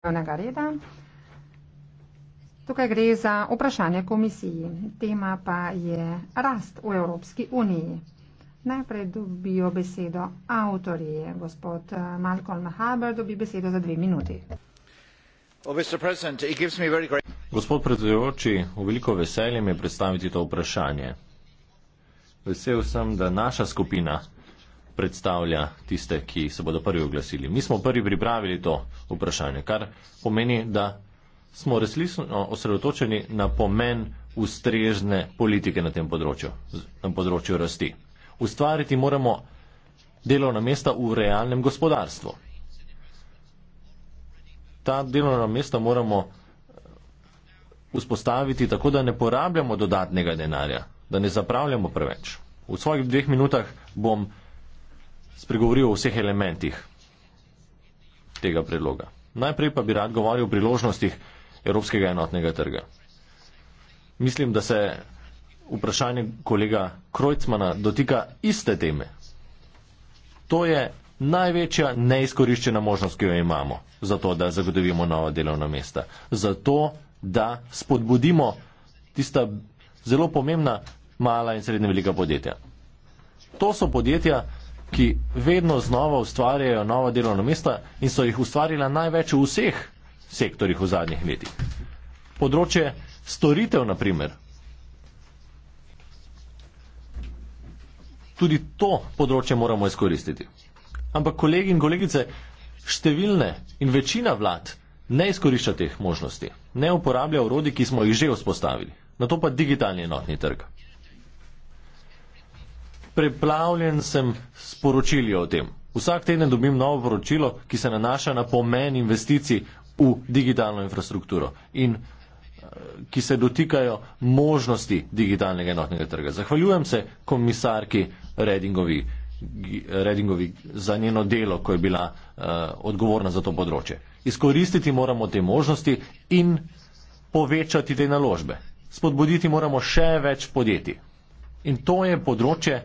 dnevnega reda. Tukaj gre za vprašanje komisiji. Tema pa je rast v Evropski uniji. Najprej dobijo besedo avtori. Gospod eh, Malcolm Haber dobi besedo za dve minuti. Gospod predsedujoči, v veliko veselje mi je predstaviti to vprašanje. Vesel sem, da naša skupina predstavlja tiste, ki se bodo prvi oglasili. Mi smo prvi pripravili to vprašanje, kar pomeni, da smo resnično osredotočeni na pomen ustrežne politike na tem področju, na področju rasti. Ustvariti moramo delovna mesta v realnem gospodarstvu. Ta delovna mesta moramo eh, vzpostaviti tako, da ne porabljamo dodatnega denarja, da ne zapravljamo preveč. V svojih dveh minutah bom spregovoril o vseh elementih tega predloga. Najprej pa bi rad govoril o priložnostih Evropskega enotnega trga. Mislim, da se vprašanje kolega Krojcmana dotika iste teme. To je največja neizkoriščena možnost, ki jo imamo, zato da zagotovimo nova delovna mesta, zato da spodbudimo tista zelo pomembna mala in srednje velika podjetja. To so podjetja, ki vedno znova ustvarjajo nova delovna mesta in so jih ustvarila največ v vseh sektorjih v zadnjih letih. Področje storitev, naprimer. Tudi to področje moramo izkoristiti. Ampak kolegi in kolegice, številne in večina vlad ne izkorišča teh možnosti, ne uporablja urodi, ki smo jih že vzpostavili. Na to pa digitalni enotni trg preplavljen sem s poročili o tem. Vsak teden dobim novo poročilo, ki se nanaša na pomen investicij v digitalno infrastrukturo in eh, ki se dotikajo možnosti digitalnega enotnega trga. Zahvaljujem se komisarki Redingovi, Redingovi za njeno delo, ko je bila uh, odgovorna za to področje. Izkoristiti moramo te možnosti in povečati te naložbe. Spodbuditi moramo še več podjetij. In to je področje,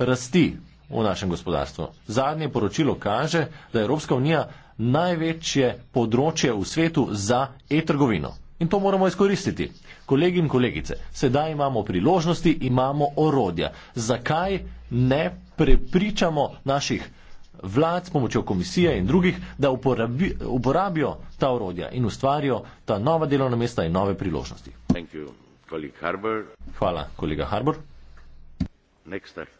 rasti v našem gospodarstvu. Zadnje poročilo kaže, da je Evropska unija največje področje v svetu za e-trgovino. In to moramo izkoristiti. Kolegi in kolegice, sedaj imamo priložnosti, imamo orodja. Zakaj ne prepričamo naših vlad s pomočjo komisije in drugih, da uporabi, uporabijo ta orodja in ustvarijo ta nova delovna mesta in nove priložnosti? You, Hvala, kolega Harbor. Next time.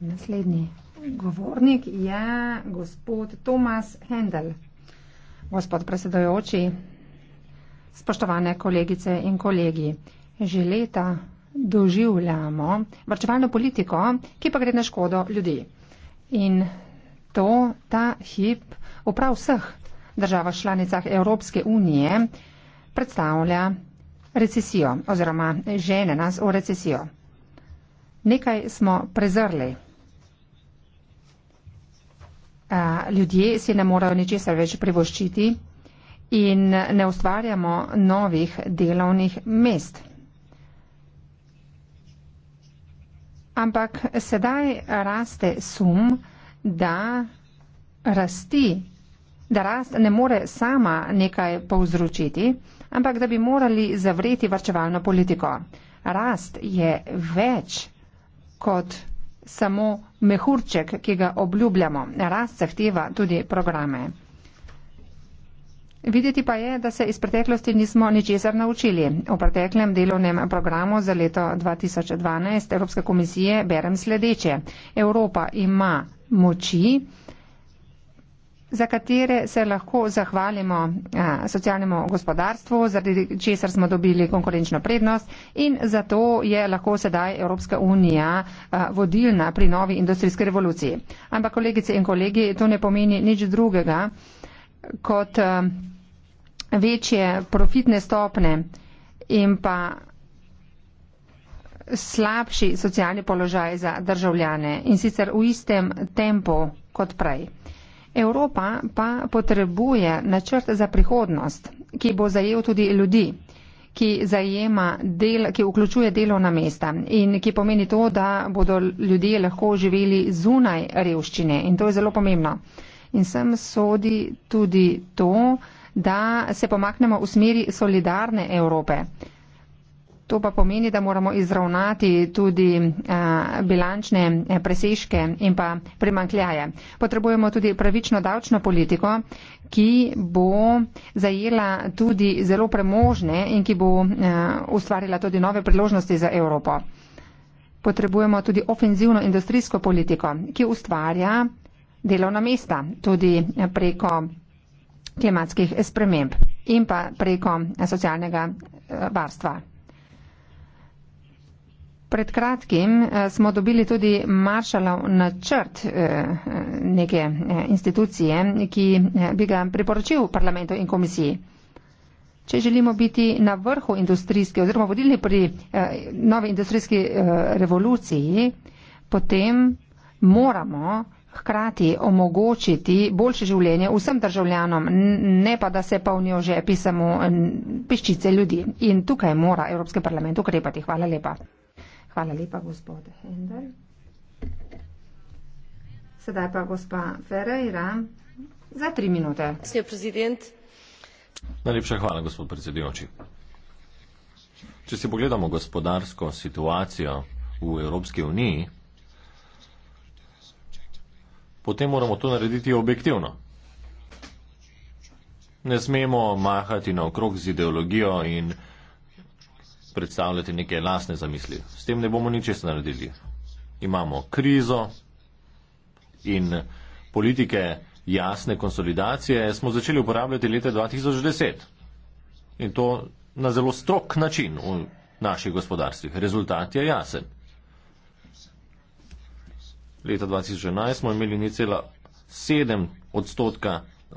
Naslednji govornik je gospod Tomas Hendel. Gospod predsedojoči, spoštovane kolegice in kolegi, že leta doživljamo vrčevalno politiko, ki pa gre na škodo ljudi. In to ta hip v prav vseh državah članicah Evropske unije predstavlja recesijo oziroma žene nas v recesijo. Nekaj smo prezrli. Ljudje si ne morejo ničesar več privoščiti in ne ustvarjamo novih delovnih mest. Ampak sedaj raste sum, da rasti, da rast ne more sama nekaj povzročiti, ampak da bi morali zavreti varčevalno politiko. Rast je več kot samo mehurček, ki ga obljubljamo. Rast zahteva tudi programe. Videti pa je, da se iz preteklosti nismo ničesar naučili. V preteklem delovnem programu za leto 2012 Evropske komisije berem sledeče. Evropa ima moči, za katere se lahko zahvalimo eh, socialnemu gospodarstvu, zaradi česar smo dobili konkurenčno prednost in zato je lahko sedaj Evropska unija eh, vodilna pri novi industrijski revoluciji. Ampak kolegice in kolegi, to ne pomeni nič drugega kot eh, večje profitne stopne in pa slabši socialni položaj za državljane in sicer v istem tempu kot prej. Evropa pa potrebuje načrt za prihodnost, ki bo zajel tudi ljudi, ki, del, ki vključuje delovna mesta in ki pomeni to, da bodo ljudje lahko živeli zunaj revščine in to je zelo pomembno. In sem sodi tudi to, da se pomaknemo v smeri solidarne Evrope. To pa pomeni, da moramo izravnati tudi uh, bilančne eh, presežke in pa primankljaje. Potrebujemo tudi pravično davčno politiko, ki bo zajela tudi zelo premožne in ki bo uh, ustvarila tudi nove priložnosti za Evropo. Potrebujemo tudi ofenzivno industrijsko politiko, ki ustvarja delovna mesta tudi preko klimatskih sprememb in pa preko socialnega varstva. Uh, Pred kratkim eh, smo dobili tudi maršalov načrt eh, neke eh, institucije, ki bi ga priporočil parlamentu in komisiji. Če želimo biti na vrhu industrijske oziroma vodilni pri novi industrijski revoluciji, potem moramo hkrati omogočiti boljše življenje vsem državljanom, ne pa da se polnijo že pisamo piščice ljudi. In tukaj mora Evropski parlament ukrepati. Hvala lepa. Hvala lepa, gospode Hender. Sedaj pa gospa Ferreira za tri minute. Gospod predsednik. Najlepša hvala, gospod predsedujoči. Če si pogledamo gospodarsko situacijo v Evropski uniji, potem moramo to narediti objektivno. Ne smemo mahati naokrog z ideologijo in predstavljati neke lasne zamisli. S tem ne bomo ničesar naredili. Imamo krizo in politike jasne konsolidacije smo začeli uporabljati leta 2010. In to na zelo strok način v naših gospodarstvih. Rezultat je jasen. Leta 2011 smo imeli necela 7 odstotka eh,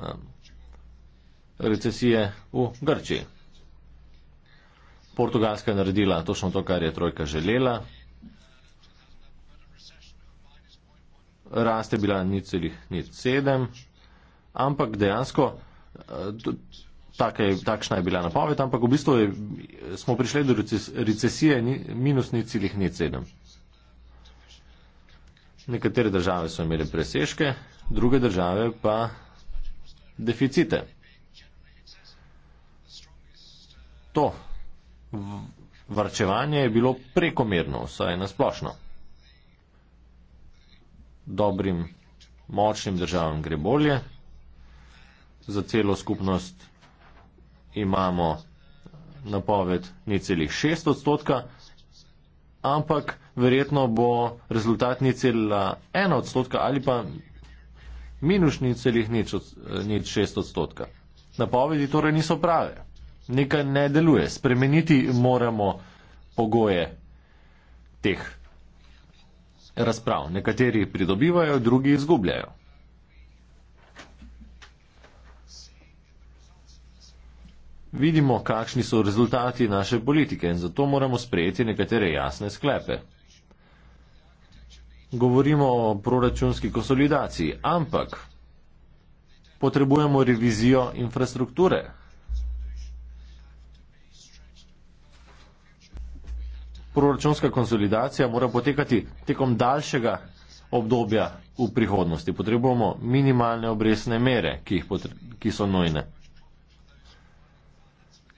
recesije v Grčiji. Portugalska je naredila točno to, kar je trojka želela. Rast je bila nič celih nič sedem, ampak dejansko je, eh, takšna je bila napoved, ampak v bistvu je, smo prišli do recesije minus nič celih nič sedem. Nekatere države so imele preseške, druge države pa deficite. To, Vrčevanje je bilo prekomerno, saj je nasplošno. Dobrim, močnim državam gre bolje, za celo skupnost imamo napoved necelih šest odstotka, ampak verjetno bo rezultat necela ena odstotka ali pa minus necelih nič šest odstotka. Napovedi torej niso prave nekaj ne deluje. Spremeniti moramo pogoje teh razprav. Nekateri pridobivajo, drugi izgubljajo. Vidimo, kakšni so rezultati naše politike in zato moramo sprejeti nekatere jasne sklepe. Govorimo o proračunski konsolidaciji, ampak potrebujemo revizijo infrastrukture. proračunska konsolidacija mora potekati tekom daljšega obdobja v prihodnosti. Potrebujemo minimalne obresne mere, ki, ki so nojne.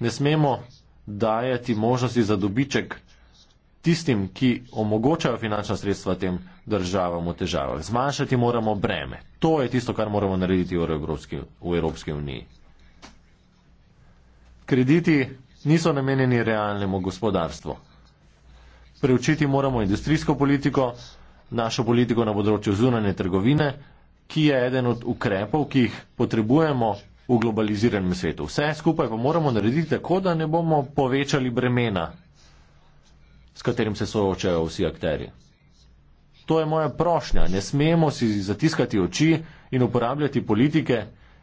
Ne smemo dajati možnosti za dobiček tistim, ki omogočajo finančna sredstva tem državam v težavah. Zmanjšati moramo breme. To je tisto, kar moramo narediti v Evropski, v Evropski uniji. Krediti niso namenjeni realnemu gospodarstvu preučiti moramo industrijsko politiko, našo politiko na področju zunanje trgovine, ki je eden od ukrepov, ki jih potrebujemo v globaliziranem svetu. Vse skupaj pa moramo narediti tako, da ne bomo povečali bremena, s katerim se soočajo vsi akteri. To je moja prošnja. Ne smemo si zatiskati oči in uporabljati politike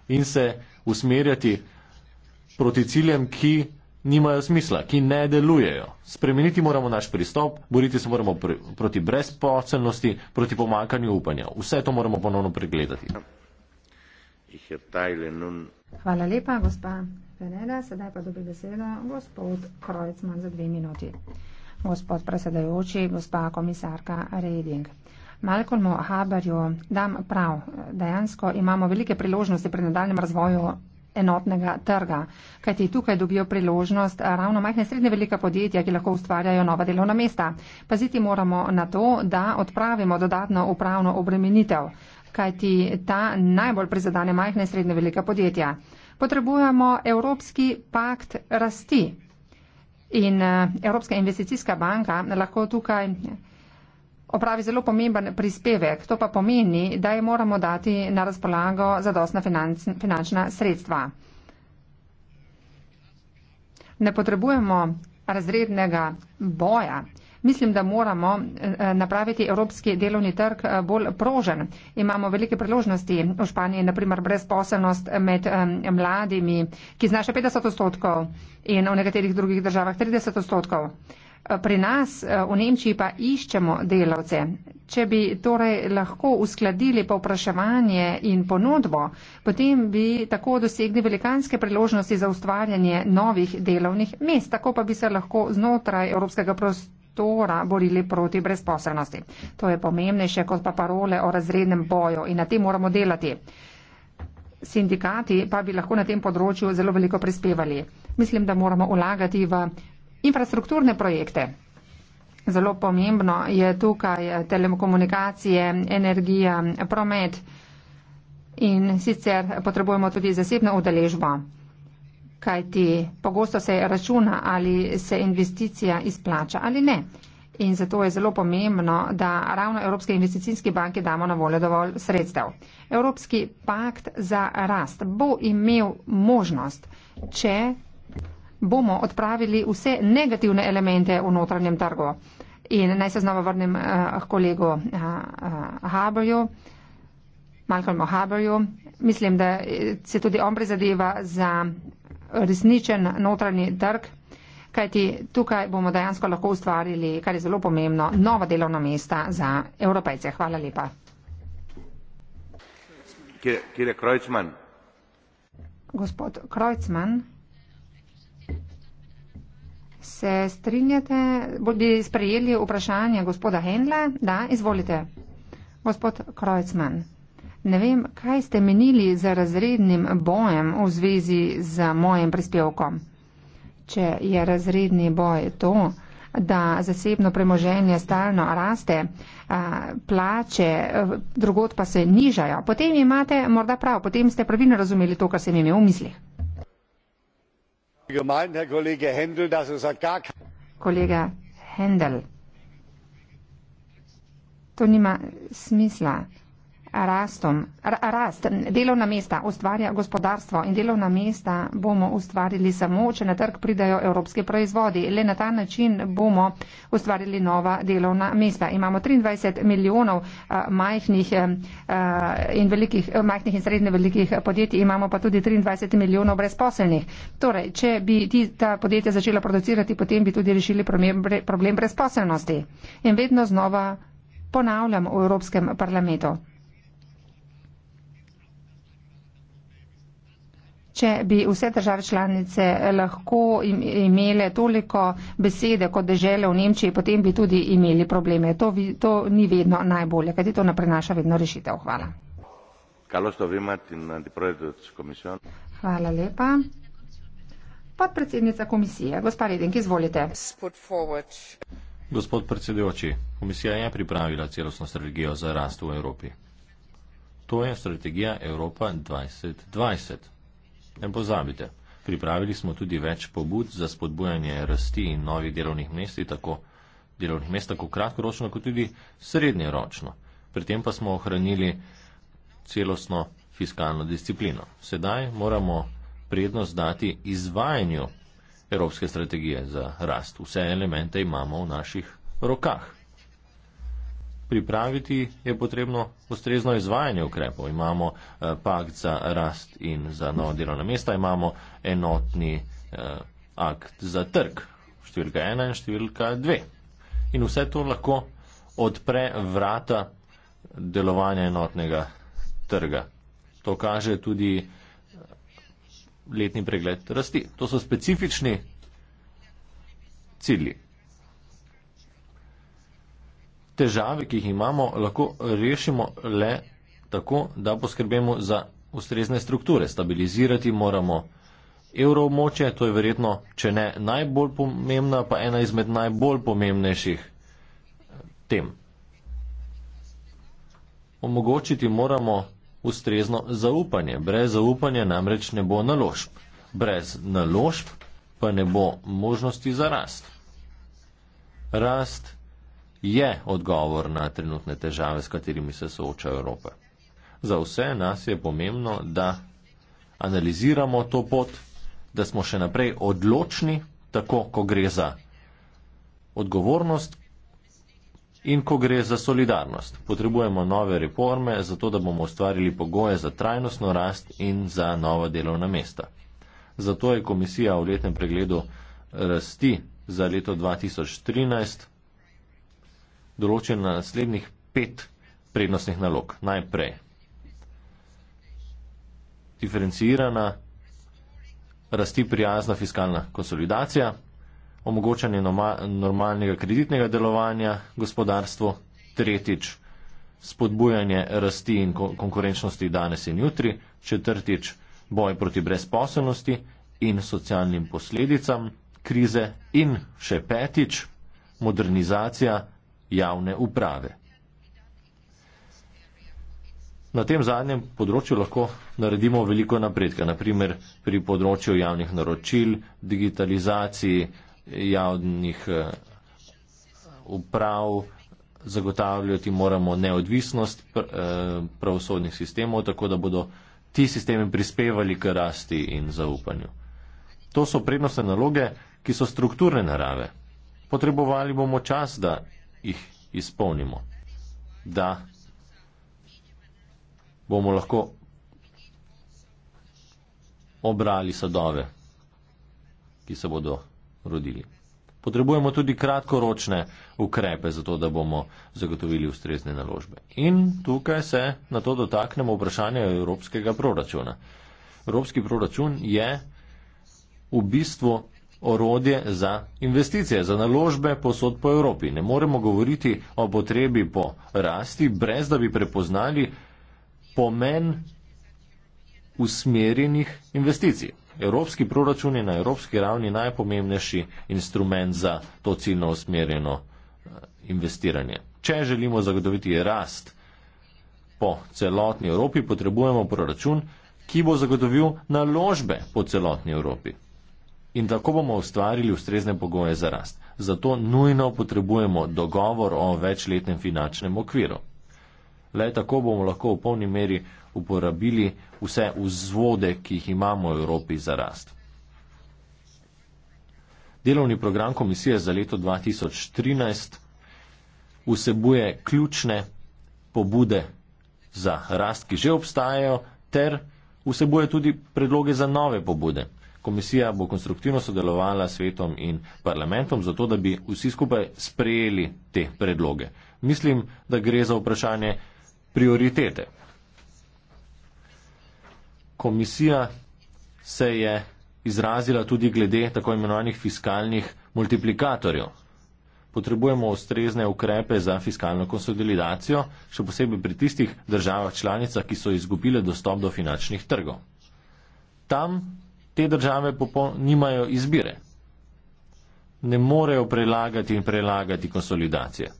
in se usmerjati proti ciljem, ki nimajo smisla, ki ne delujejo. Spremeniti moramo naš pristop, boriti se moramo pr proti brezposelnosti, proti pomankanju upanja. Vse to moramo ponovno pregledati. Hvala lepa, gospa Penela. Sedaj pa dobi besedo gospod Krojcman za dve minuti. Gospod predsedajoči, gospa komisarka Reding. Malcolmu Haberju dam prav. Dejansko imamo velike priložnosti pri nadaljem razvoju enotnega trga. Kajti tukaj dobijo priložnost ravno majhne srednje velika podjetja, ki lahko ustvarjajo nova delovna mesta. Paziti moramo na to, da odpravimo dodatno upravno obremenitev, kajti ta najbolj prizadane majhne srednje velika podjetja. Potrebujemo Evropski pakt rasti. In eh, Evropska investicijska banka lahko tukaj opravi zelo pomemben prispevek. To pa pomeni, da je moramo dati na razpolago zadostna financ, finančna sredstva. Ne potrebujemo razrednega boja. Mislim, da moramo eh, napraviti evropski delovni trg eh, bolj prožen. Imamo velike priložnosti v Španiji, naprimer brezposelnost med eh, mladimi, ki znaša 50 odstotkov in v nekaterih drugih državah 30 odstotkov. Pri nas eh, v Nemčiji pa iščemo delavce. Če bi torej lahko uskladili povpraševanje in ponudbo, potem bi tako dosegli velikanske priložnosti za ustvarjanje novih delovnih mest, tako pa bi se lahko znotraj evropskega prostora borili proti brezposelnosti. To je pomembnejše kot pa parole o razrednem boju in na tem moramo delati. Sindikati pa bi lahko na tem področju zelo veliko prispevali. Mislim, da moramo vlagati v infrastrukturne projekte. Zelo pomembno je tukaj telekomunikacije, energija, promet in sicer potrebujemo tudi zasebno udeležbo, kajti pogosto se računa, ali se investicija izplača ali ne. In zato je zelo pomembno, da ravno Evropske investicijske banke damo na voljo dovolj sredstev. Evropski pakt za rast bo imel možnost, če bomo odpravili vse negativne elemente v notranjem trgu. In naj se znova vrnem eh, k kolegu eh, eh, Haberju, Malcolmu Haberju. Mislim, da se tudi on prizadeva za resničen notranji trg, kajti tukaj bomo dejansko lahko ustvarili, kar je zelo pomembno, nova delovna mesta za evropejce. Hvala lepa. Kire, kire Gospod Krojcman. Se strinjate? Bi sprejeli vprašanje gospoda Hendla? Da, izvolite. Gospod Krojcman, ne vem, kaj ste menili z razrednim bojem v zvezi z mojim prispevkom. Če je razredni boj to, da zasebno premoženje stalno raste, plače drugot pa se nižajo, potem imate morda prav, potem ste pravilno razumeli to, kar sem imel v mislih. Er Kolega Hendel, to nima smisla rastom, rast delovna mesta ustvarja gospodarstvo in delovna mesta bomo ustvarili samo, če na trg pridajo evropske proizvodi. Le na ta način bomo ustvarili nova delovna mesta. Imamo 23 milijonov majhnih in, velikih, majhnih in srednje velikih podjetij, imamo pa tudi 23 milijonov brezposelnih. Torej, če bi ti, ta podjetja začela producirati, potem bi tudi rešili problem, problem brezposelnosti. In vedno znova ponavljam v Evropskem parlamentu. Če bi vse države članice lahko imele toliko besede kot dežele v Nemčiji, potem bi tudi imeli probleme. To, vi, to ni vedno najbolje, kajti to ne prenaša vedno rešitev. Hvala. Hvala lepa. Podpredsednica komisije, gospa Redenki, izvolite. Gospod predsedujoči, komisija je pripravila celostno strategijo za rast v Evropi. To je strategija Evropa 2020. Ne pozabite, pripravili smo tudi več pobud za spodbujanje rasti in novih delovnih mest, tako delovnih mest, tako kratkoročno, kot tudi srednjeročno. Pri tem pa smo ohranili celostno fiskalno disciplino. Sedaj moramo prednost dati izvajanju Evropske strategije za rast. Vse elemente imamo v naših rokah pripraviti je potrebno ustrezno izvajanje ukrepov. Imamo eh, pakt za rast in za nove delovne mesta, imamo enotni eh, akt za trg, številka ena in številka dve. In vse to lahko odpre vrata delovanja enotnega trga. To kaže tudi eh, letni pregled rasti. To so specifični cilji težave, ki jih imamo, lahko rešimo le tako, da poskrbemo za ustrezne strukture. Stabilizirati moramo evroobmoče, to je verjetno, če ne najbolj pomembna, pa ena izmed najbolj pomembnejših eh, tem. Omogočiti moramo ustrezno zaupanje. Brez zaupanja namreč ne bo naložb. Brez naložb pa ne bo možnosti za rast. Rast je odgovor na trenutne težave, s katerimi se sooča Evropa. Za vse nas je pomembno, da analiziramo to pot, da smo še naprej odločni, tako ko gre za odgovornost in ko gre za solidarnost. Potrebujemo nove reforme, zato da bomo ustvarili pogoje za trajnostno rast in za nova delovna mesta. Zato je komisija v letnem pregledu rasti za leto 2013 določen na naslednjih pet prednostnih nalog. Najprej diferencirana, rasti prijazna fiskalna konsolidacija, omogočanje normalnega kreditnega delovanja gospodarstvu, tretjič spodbujanje rasti in konkurenčnosti danes in jutri, četrtič boj proti brezposobnosti in socialnim posledicam krize in še petič modernizacija javne uprave. Na tem zadnjem področju lahko naredimo veliko napredka, naprimer pri področju javnih naročil, digitalizaciji javnih eh, uprav, zagotavljati moramo neodvisnost eh, pravosodnih sistemov, tako da bodo ti sistemi prispevali k rasti in zaupanju. To so prednostne naloge, ki so strukturne narave. Potrebovali bomo čas, da jih izpolnimo. Da bomo lahko obrali sadove, ki se bodo rodili. Potrebujemo tudi kratkoročne ukrepe, zato da bomo zagotovili ustrezne naložbe. In tukaj se na to dotaknemo vprašanja evropskega proračuna. Evropski proračun je v bistvu orodje za investicije, za naložbe posod po Evropi. Ne moremo govoriti o potrebi po rasti, brez da bi prepoznali pomen usmerjenih investicij. Evropski proračun je na evropski ravni najpomembnejši instrument za to ciljno usmerjeno eh, investiranje. Če želimo zagotoviti rast po celotni Evropi, potrebujemo proračun, ki bo zagotovil naložbe po celotni Evropi in tako bomo ustvarili ustrezne pogoje za rast. Zato nujno potrebujemo dogovor o večletnem finančnem okviru. Le tako bomo lahko v polni meri uporabili vse vzvode, ki jih imamo v Evropi za rast. Delovni program komisije za leto 2013 vsebuje ključne pobude za rast, ki že obstajajo, ter vsebuje tudi predloge za nove pobude. Komisija bo konstruktivno sodelovala s svetom in parlamentom, zato da bi vsi skupaj sprejeli te predloge. Mislim, da gre za vprašanje prioritete. Komisija se je izrazila tudi glede tako imenovanih fiskalnih multiplikatorjev. Potrebujemo ustrezne ukrepe za fiskalno konsolidacijo, še posebej pri tistih državah članicah, ki so izgubile dostop do finančnih trgov. Tam te države popol, nimajo izbire. Ne morejo prelagati in prelagati konsolidacije.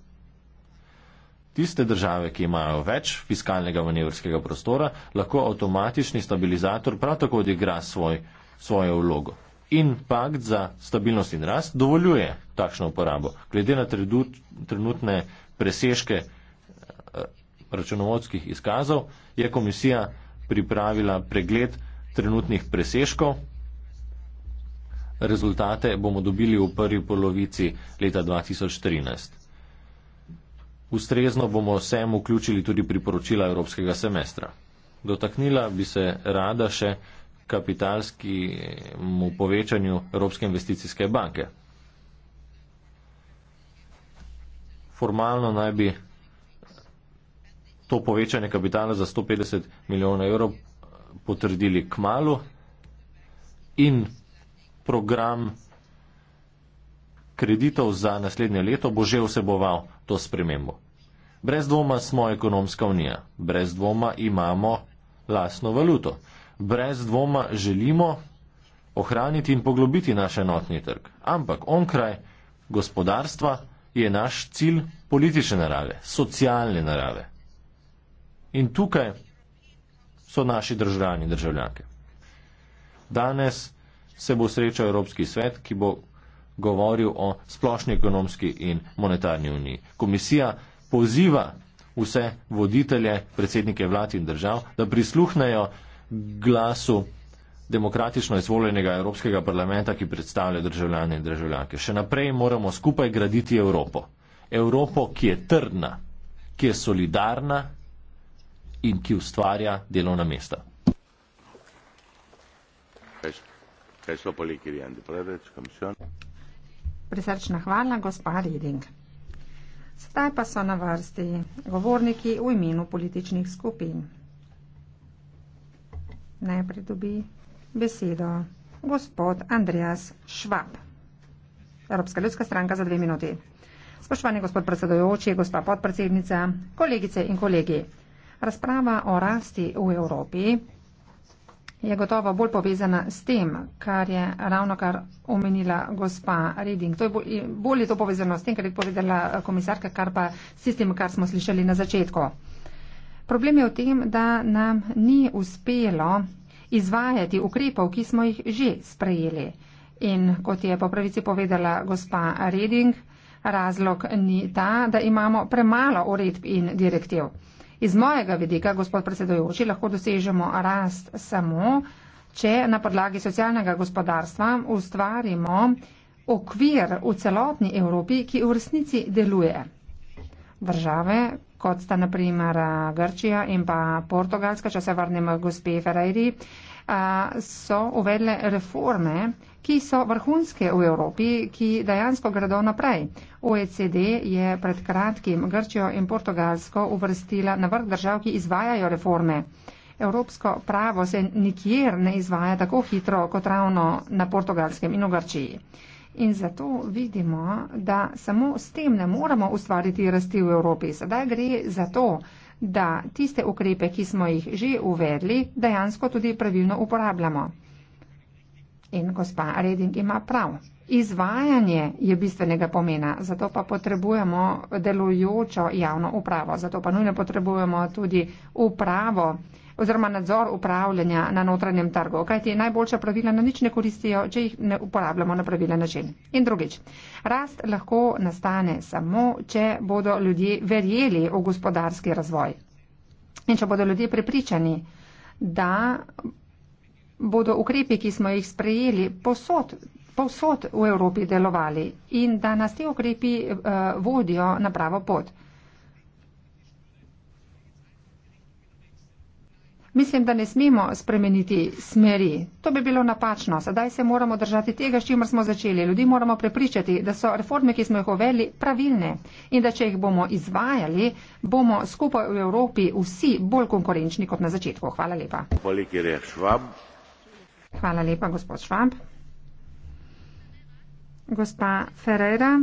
Tiste države, ki imajo več fiskalnega manevrskega prostora, lahko avtomatični stabilizator prav tako odigra svoj, svojo vlogo. In pakt za stabilnost in rast dovoljuje takšno uporabo. Glede na trenutne presežke eh, računovodskih izkazov, je komisija pripravila pregled trenutnih preseškov. Rezultate bomo dobili v prvi polovici leta 2013. Ustrezno bomo vsem vključili tudi priporočila evropskega semestra. Dotaknila bi se rada še kapitalskemu povečanju Evropske investicijske banke. Formalno naj bi to povečanje kapitala za 150 milijonov evrov potrdili k malu in program kreditov za naslednje leto bo že vseboval to spremembo. Brez dvoma smo ekonomska unija, brez dvoma imamo lasno valuto, brez dvoma želimo ohraniti in poglobiti naš enotni trg. Ampak onkraj gospodarstva je naš cilj politične narave, socialne narave. In tukaj so naši državljani, državljake. Danes se bo srečal Evropski svet, ki bo govoril o splošni ekonomski in monetarni uniji. Komisija poziva vse voditelje, predsednike vlad in držav, da prisluhnejo glasu demokratično izvoljenega Evropskega parlamenta, ki predstavlja državljane in državljake. Še naprej moramo skupaj graditi Evropo. Evropo, ki je trdna, ki je solidarna, in ki ustvarja delovna mesta. Prisrčna hvala, gospa Reding. Sedaj pa so na vrsti govorniki v imenu političnih skupin. Najprej dobi besedo gospod Andreas Švab, Evropska ljudska stranka za dve minuti. Spoštovani gospod predsedojoči, gospa podpredsednica, kolegice in kolegi. Razprava o rasti v Evropi je gotovo bolj povezana s tem, kar je ravno kar omenila gospa Reding. To je bolj je to povezano s tem, kar je povedala komisarka, kar pa s tem, kar smo slišali na začetku. Problem je v tem, da nam ni uspelo izvajati ukrepov, ki smo jih že sprejeli. In kot je po pravici povedala gospa Reding, razlog ni ta, da imamo premalo uredb in direktiv. Iz mojega vidika, gospod predsedojoči, lahko dosežemo rast samo, če na podlagi socialnega gospodarstva ustvarimo okvir v celotni Evropi, ki v resnici deluje. Države, kot sta naprimer Grčija in pa Portugalska, če se vrnemo gospe Ferreiri, so uvedle reforme ki so vrhunske v Evropi, ki dejansko gredo naprej. OECD je pred kratkim Grčijo in Portugalsko uvrstila na vrh držav, ki izvajajo reforme. Evropsko pravo se nikjer ne izvaja tako hitro kot ravno na portugalskem in v Grčiji. In zato vidimo, da samo s tem ne moremo ustvariti rasti v Evropi. Sedaj gre za to, da tiste ukrepe, ki smo jih že uvedli, dejansko tudi pravilno uporabljamo in gospa Reding ima prav. Izvajanje je bistvenega pomena, zato pa potrebujemo delujočo javno upravo, zato pa nujno potrebujemo tudi upravo oziroma nadzor upravljanja na notranjem trgu, kajti najboljša pravila na nič ne koristijo, če jih ne uporabljamo na pravilen način. In drugič, rast lahko nastane samo, če bodo ljudje verjeli v gospodarski razvoj. In če bodo ljudje prepričani, da bodo ukrepi, ki smo jih sprejeli, posod, posod v Evropi delovali in da nas ti ukrepi uh, vodijo na pravo pot. Mislim, da ne smemo spremeniti smeri. To bi bilo napačno. Sedaj se moramo držati tega, s čimer smo začeli. Ljudi moramo prepričati, da so reforme, ki smo jih uveli, pravilne in da če jih bomo izvajali, bomo skupaj v Evropi vsi bolj konkurenčni kot na začetku. Hvala lepa. Hvala, Hvala lepa, gospod Švab. Gospa Ferreira,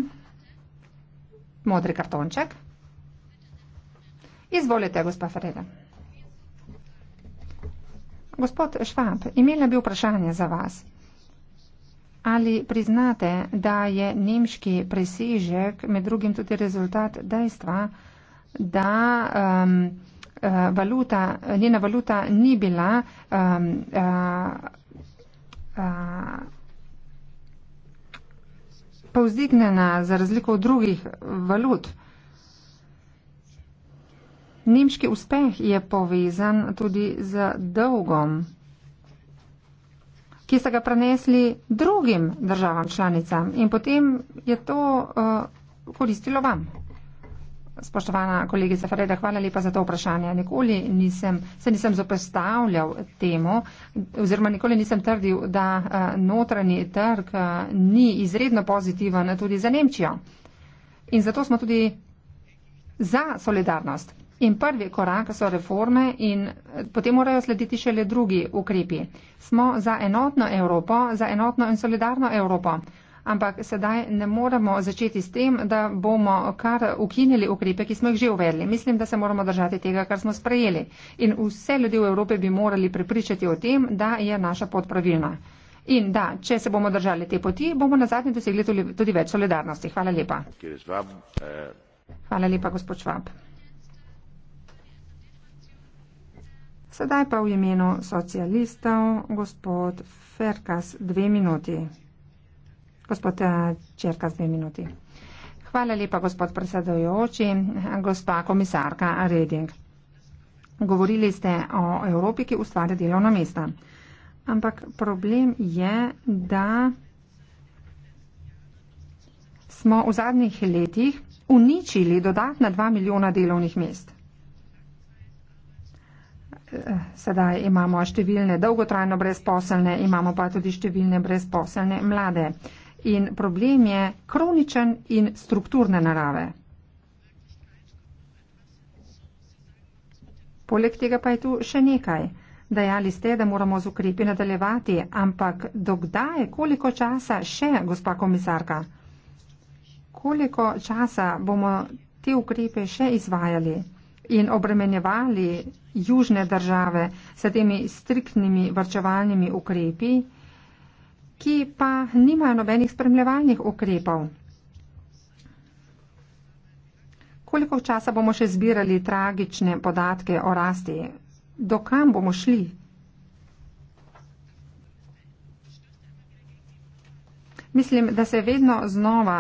modri kartonček. Izvolite, gospa Ferreira. Gospod Švab, imela bi vprašanje za vas. Ali priznate, da je nemški presežek med drugim tudi rezultat dejstva, da um, uh, valuta, njena valuta ni bila um, uh, povzdignjena za razliko od drugih valut. Nemški uspeh je povezan tudi z dolgom, ki so ga prenesli drugim državam članicam in potem je to uh, koristilo vam. Spoštovana kolegica Freda, hvala lepa za to vprašanje. Nikoli nisem, se nisem zopestavljal temu oziroma nikoli nisem trdil, da eh, notranji trg eh, ni izredno pozitiven tudi za Nemčijo. In zato smo tudi za solidarnost. In prvi korak so reforme in eh, potem morajo slediti šele drugi ukrepi. Smo za enotno Evropo, za enotno in solidarno Evropo ampak sedaj ne moremo začeti s tem, da bomo kar ukinili ukrepe, ki smo jih že uvedli. Mislim, da se moramo držati tega, kar smo sprejeli. In vse ljudi v Evropi bi morali prepričati o tem, da je naša pot pravilna. In da, če se bomo držali te poti, bomo na zadnji dosegli tudi, tudi več solidarnosti. Hvala lepa. Hvala lepa, gospod Švab. Sedaj pa v imenu socialistov gospod Ferkas, dve minuti. Gospod eh, Čerka, dve minuti. Hvala lepa, gospod predsedojoči, gospa komisarka Reding. Govorili ste o Evropi, ki ustvarja delovna mesta. Ampak problem je, da smo v zadnjih letih uničili dodatna dva milijona delovnih mest. Sedaj imamo številne dolgotrajno brezposelne, imamo pa tudi številne brezposelne mlade in problem je kroničen in strukturne narave. Poleg tega pa je tu še nekaj. Dajali ste, da moramo z ukrepi nadaljevati, ampak dokdaj, koliko časa še, gospa komisarka? Koliko časa bomo te ukrepe še izvajali in obremenjevali južne države s temi striktnimi vrčevalnimi ukrepi? ki pa nimajo nobenih spremljevalnih ukrepov. Koliko časa bomo še zbirali tragične podatke o rasti? Dokam bomo šli? Mislim, da se vedno znova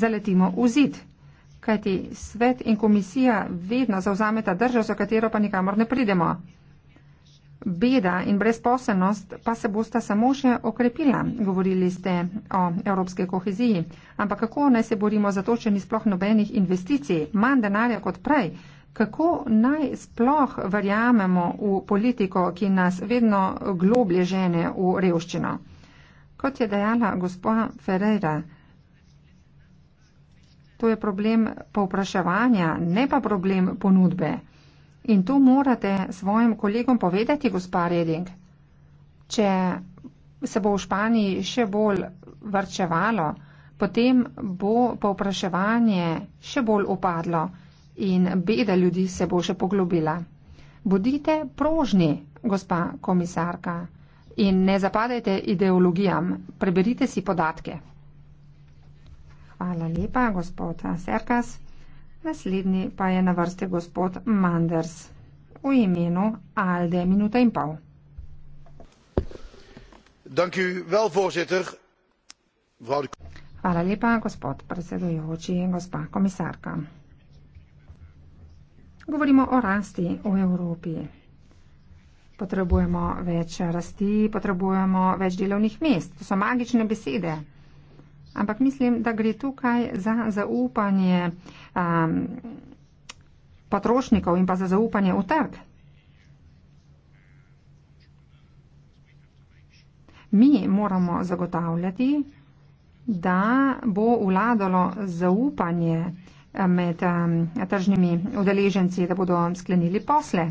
zaletimo v zid, kajti svet in komisija vedno zauzameta državo, za katero pa nikamor ne pridemo. Beda in brezposelnost pa se bosta samo še okrepila. Govorili ste o evropske koheziji. Ampak kako naj se borimo za to, če ni sploh nobenih investicij, manj denarja kot prej? Kako naj sploh verjamemo v politiko, ki nas vedno globlje žene v revščino? Kot je dejala gospa Ferreira, to je problem povpraševanja, ne pa problem ponudbe. In to morate svojim kolegom povedati, gospa Reding. Če se bo v Španiji še bolj vrčevalo, potem bo povpraševanje še bolj upadlo in beda ljudi se bo še poglobila. Bodite prožni, gospa komisarka, in ne zapadajte ideologijam. Preberite si podatke. Hvala lepa, gospod Serkas. Naslednji pa je na vrste gospod Manders v imenu Alde, minuta in pol. Wel, Hvala lepa, gospod predsedujoči in gospa komisarka. Govorimo o rasti v Evropi. Potrebujemo več rasti, potrebujemo več delovnih mest. To so magične besede. Ampak mislim, da gre tukaj za zaupanje um, potrošnikov in pa za zaupanje v trg. Mi moramo zagotavljati, da bo vladalo zaupanje eh, med um, tržnimi udeleženci, da bodo sklenili posle.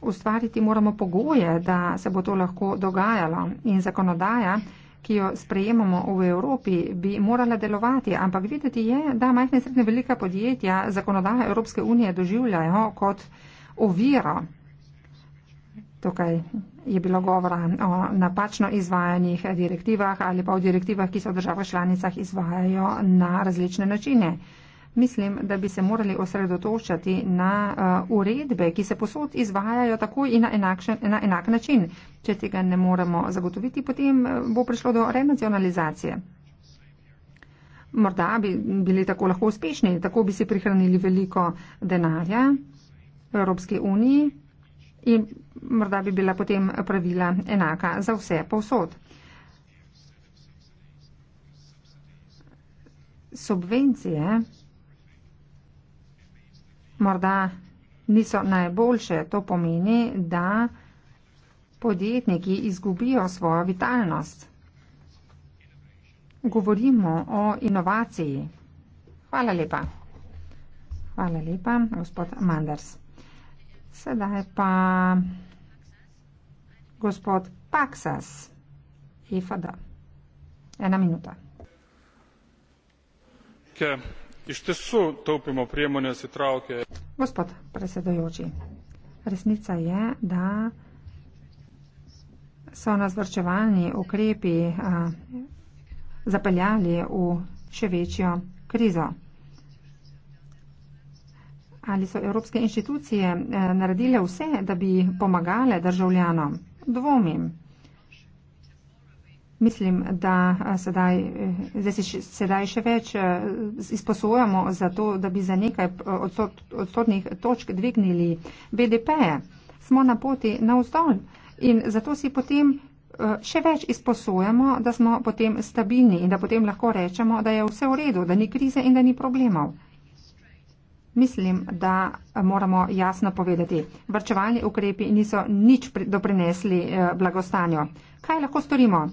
Ustvariti moramo pogoje, da se bo to lahko dogajalo in zakonodaja ki jo sprejemamo v Evropi, bi morala delovati, ampak videti je, da majhne in srednje velika podjetja zakonodaje Evropske unije doživljajo kot oviro. Tukaj je bilo govora o napačno izvajanih direktivah ali pa o direktivah, ki se v državah članicah izvajajo na različne načine. Mislim, da bi se morali osredotočati na uh, uredbe, ki se posod izvajajo tako in na, enakšen, na enak način. Če tega ne moremo zagotoviti, potem uh, bo prišlo do renacionalizacije. Morda bi bili tako lahko uspešni, tako bi si prihranili veliko denarja v Evropski uniji in morda bi bila potem pravila enaka za vse povsod. Subvencije morda niso najboljše. To pomeni, da podjetniki izgubijo svojo vitalnost. Govorimo o inovaciji. Hvala lepa. Hvala lepa, gospod Manders. Sedaj pa gospod Paksas, IFD. E Ena minuta. Ke, iš tiesų taupimo priemonės įtraukė. Gospod predsedojoči, resnica je, da so nas vrčevalni ukrepi a, zapeljali v še večjo krizo. Ali so evropske inštitucije a, naredile vse, da bi pomagale državljanom? Dvomim. Mislim, da sedaj, eh, zdaj se sedaj še več eh, izposojamo za to, da bi za nekaj eh, odstotnih točk dvignili BDP. -e. Smo na poti na vzdolj in zato si potem še več izposojamo, da smo potem stabilni in da potem lahko rečemo, da je vse v redu, da ni krize in da ni problemov. Mislim, da moramo jasno povedati, vrčevalni ukrepi niso nič doprinesli blagostanju. Kaj lahko storimo?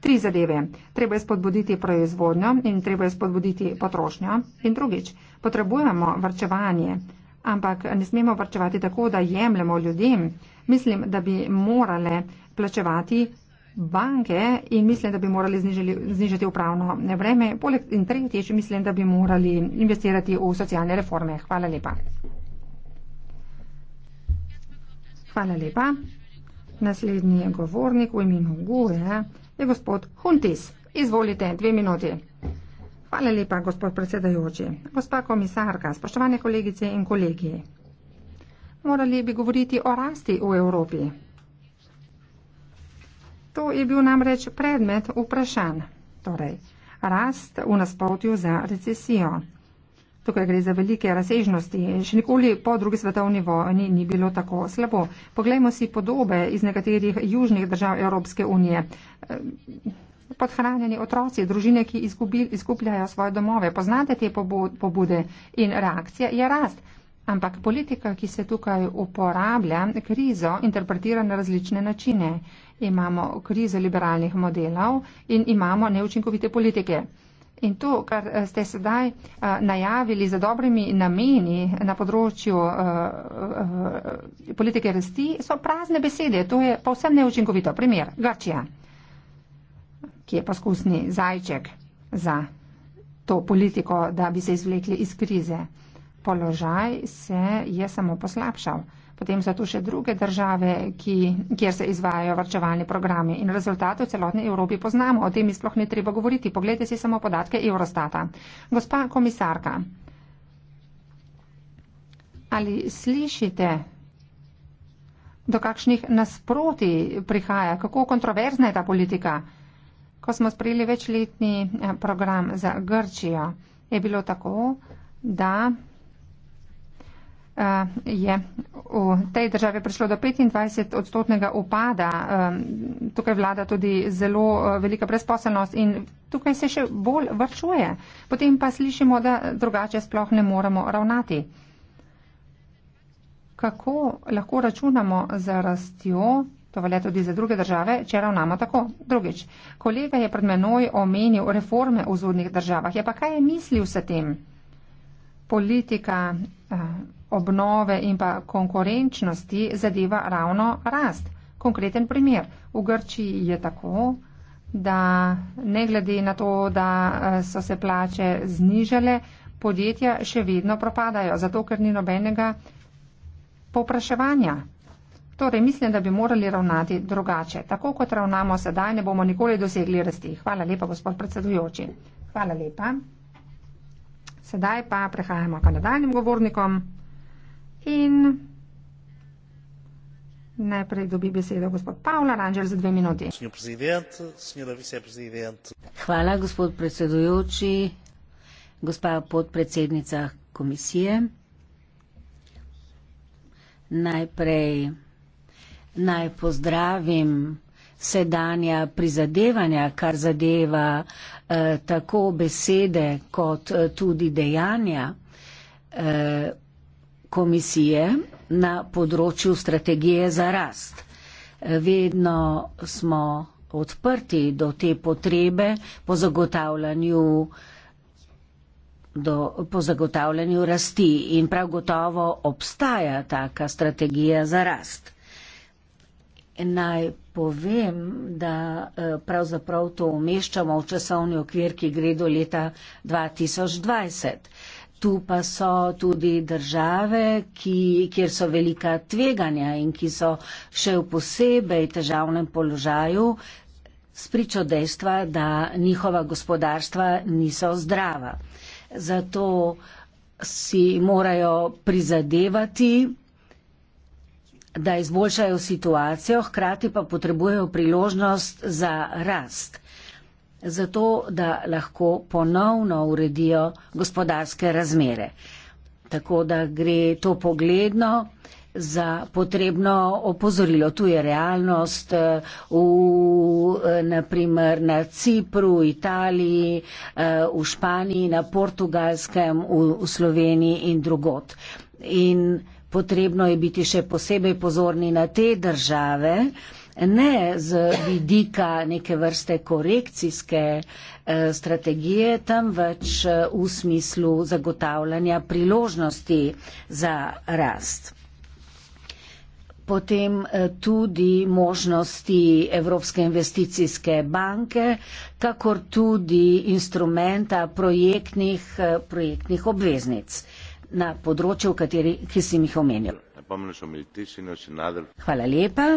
Tri zadeve. Treba je spodbuditi proizvodnjo in treba je spodbuditi potrošnjo. In drugič, potrebujemo vrčevanje, ampak ne smemo vrčevati tako, da jemljemo ljudem. Mislim, da bi morale plačevati banke in mislim, da bi morali znižili, znižati upravno vreme. Poleg in tretjič, mislim, da bi morali investirati v socialne reforme. Hvala lepa. Hvala lepa. Naslednji je govornik v imenu Gue je gospod Huntis. Izvolite, dve minuti. Hvala lepa, gospod predsedajoči. Gospa komisarka, spoštovane kolegice in kolegi. Morali bi govoriti o rasti v Evropi. To je bil namreč predmet vprašanj. Torej, rast v nasprotju za recesijo. Tukaj gre za velike razsežnosti. Še nikoli po drugi svetovni vojni ni bilo tako slabo. Poglejmo si podobe iz nekaterih južnih držav Evropske unije. Eh, podhranjeni otroci, družine, ki izgubljajo svoje domove, poznate te pobude in reakcija je rast. Ampak politika, ki se tukaj uporablja, krizo interpretira na različne načine. Imamo krizo liberalnih modelov in imamo neučinkovite politike. In to, kar eh, ste sedaj eh, najavili za dobrimi nameni na področju eh, politike rasti, so prazne besede. To je povsem neučinkovito. Primer, Grčija, ki je poskusni zajček za to politiko, da bi se izvlekli iz krize. Položaj se je samo poslabšal. Potem so tu še druge države, ki, kjer se izvajajo varčevalni programi in rezultate v celotni Evropi poznamo. O tem mi sploh ni treba govoriti. Poglejte si samo podatke Eurostata. Gospa komisarka, ali slišite, do kakšnih nasproti prihaja, kako kontroverzna je ta politika? Ko smo sprejeli večletni eh, program za Grčijo, je bilo tako, da. Eh, je v tej državi prišlo do 25 odstotnega upada. Eh, tukaj vlada tudi zelo eh, velika brezposelnost in tukaj se še bolj vrčuje. Potem pa slišimo, da drugače sploh ne moremo ravnati. Kako lahko računamo za rastjo? To velja tudi za druge države, če ravnamo tako. Drugič, kolega je pred menoj omenil reforme v zunih državah. Je pa kaj je mislil s tem? Politika obnove in pa konkurenčnosti zadeva ravno rast. Konkreten primer. V Grčiji je tako, da ne glede na to, da eh, so se plače znižale, podjetja še vedno propadajo, zato ker ni nobenega popraševanja. Torej, mislim, da bi morali ravnati drugače. Tako kot ravnamo sedaj, ne bomo nikoli dosegli rasti. Hvala lepa, gospod predsedujoči. Hvala lepa. Sedaj pa prehajamo k nadaljnim govornikom. In najprej dobi besedo gospod Pavla Ranžel za dve minuti. Hvala, gospod predsedujoči, gospa podpredsednica komisije. Najprej naj pozdravim sedanja prizadevanja, kar zadeva eh, tako besede kot eh, tudi dejanja. Eh, komisije na področju strategije za rast. Vedno smo odprti do te potrebe po zagotavljanju, do, po zagotavljanju rasti in prav gotovo obstaja taka strategija za rast. Naj povem, da eh, pravzaprav to umeščamo v časovni okvir, ki gre do leta 2020. Tu pa so tudi države, ki, kjer so velika tveganja in ki so še v posebej težavnem položaju, spričo dejstva, da njihova gospodarstva niso zdrava. Zato si morajo prizadevati, da izboljšajo situacijo, hkrati pa potrebujejo priložnost za rast zato da lahko ponovno uredijo gospodarske razmere. Tako da gre to pogledno za potrebno opozorilo. Tu je realnost eh, v, eh, naprimer, na Cipru, Italiji, eh, v Španiji, na Portugalskem, v Sloveniji in drugot. In potrebno je biti še posebej pozorni na te države, ne z vidika neke vrste korekcijske eh, strategije, temveč eh, v smislu zagotavljanja priložnosti za rast. Potem eh, tudi možnosti Evropske investicijske banke, kakor tudi instrumenta projektnih, projektnih obveznic na področju, kateri, ki si jih omenil. Hvala lepa.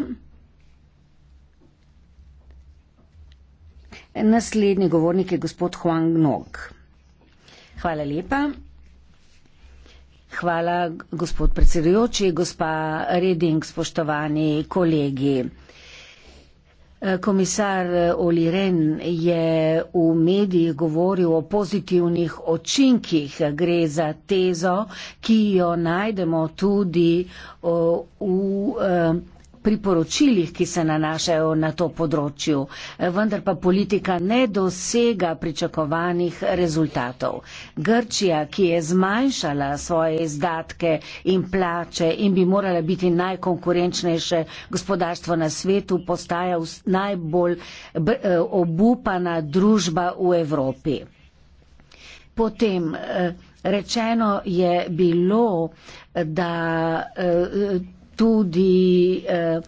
Naslednji govornik je gospod Huang Gnok. Hvala lepa. Hvala, gospod predsedujoči, gospa Reding, spoštovani kolegi. Komisar Oli Ren je v medijih govoril o pozitivnih očinkih. Gre za tezo, ki jo najdemo tudi v priporočilih, ki se nanašajo na to področju, vendar pa politika ne dosega pričakovanih rezultatov. Grčija, ki je zmanjšala svoje izdatke in plače in bi morala biti najkonkurenčnejše gospodarstvo na svetu, postaja najbolj eh, obupana družba v Evropi. Potem eh, rečeno je bilo, da eh, tudi eh,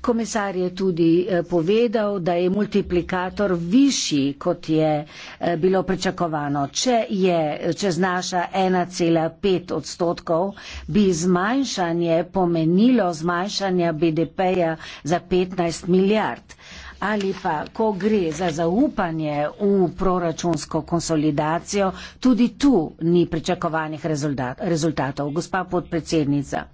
Komisar je tudi eh, povedal, da je multiplikator višji, kot je eh, bilo pričakovano. Če, je, če znaša 1,5 odstotkov, bi zmanjšanje pomenilo zmanjšanje BDP-ja za 15 milijard ali pa, ko gre za zaupanje v proračunsko konsolidacijo, tudi tu ni pričakovanih rezultat, rezultatov. Gospa podpredsednica,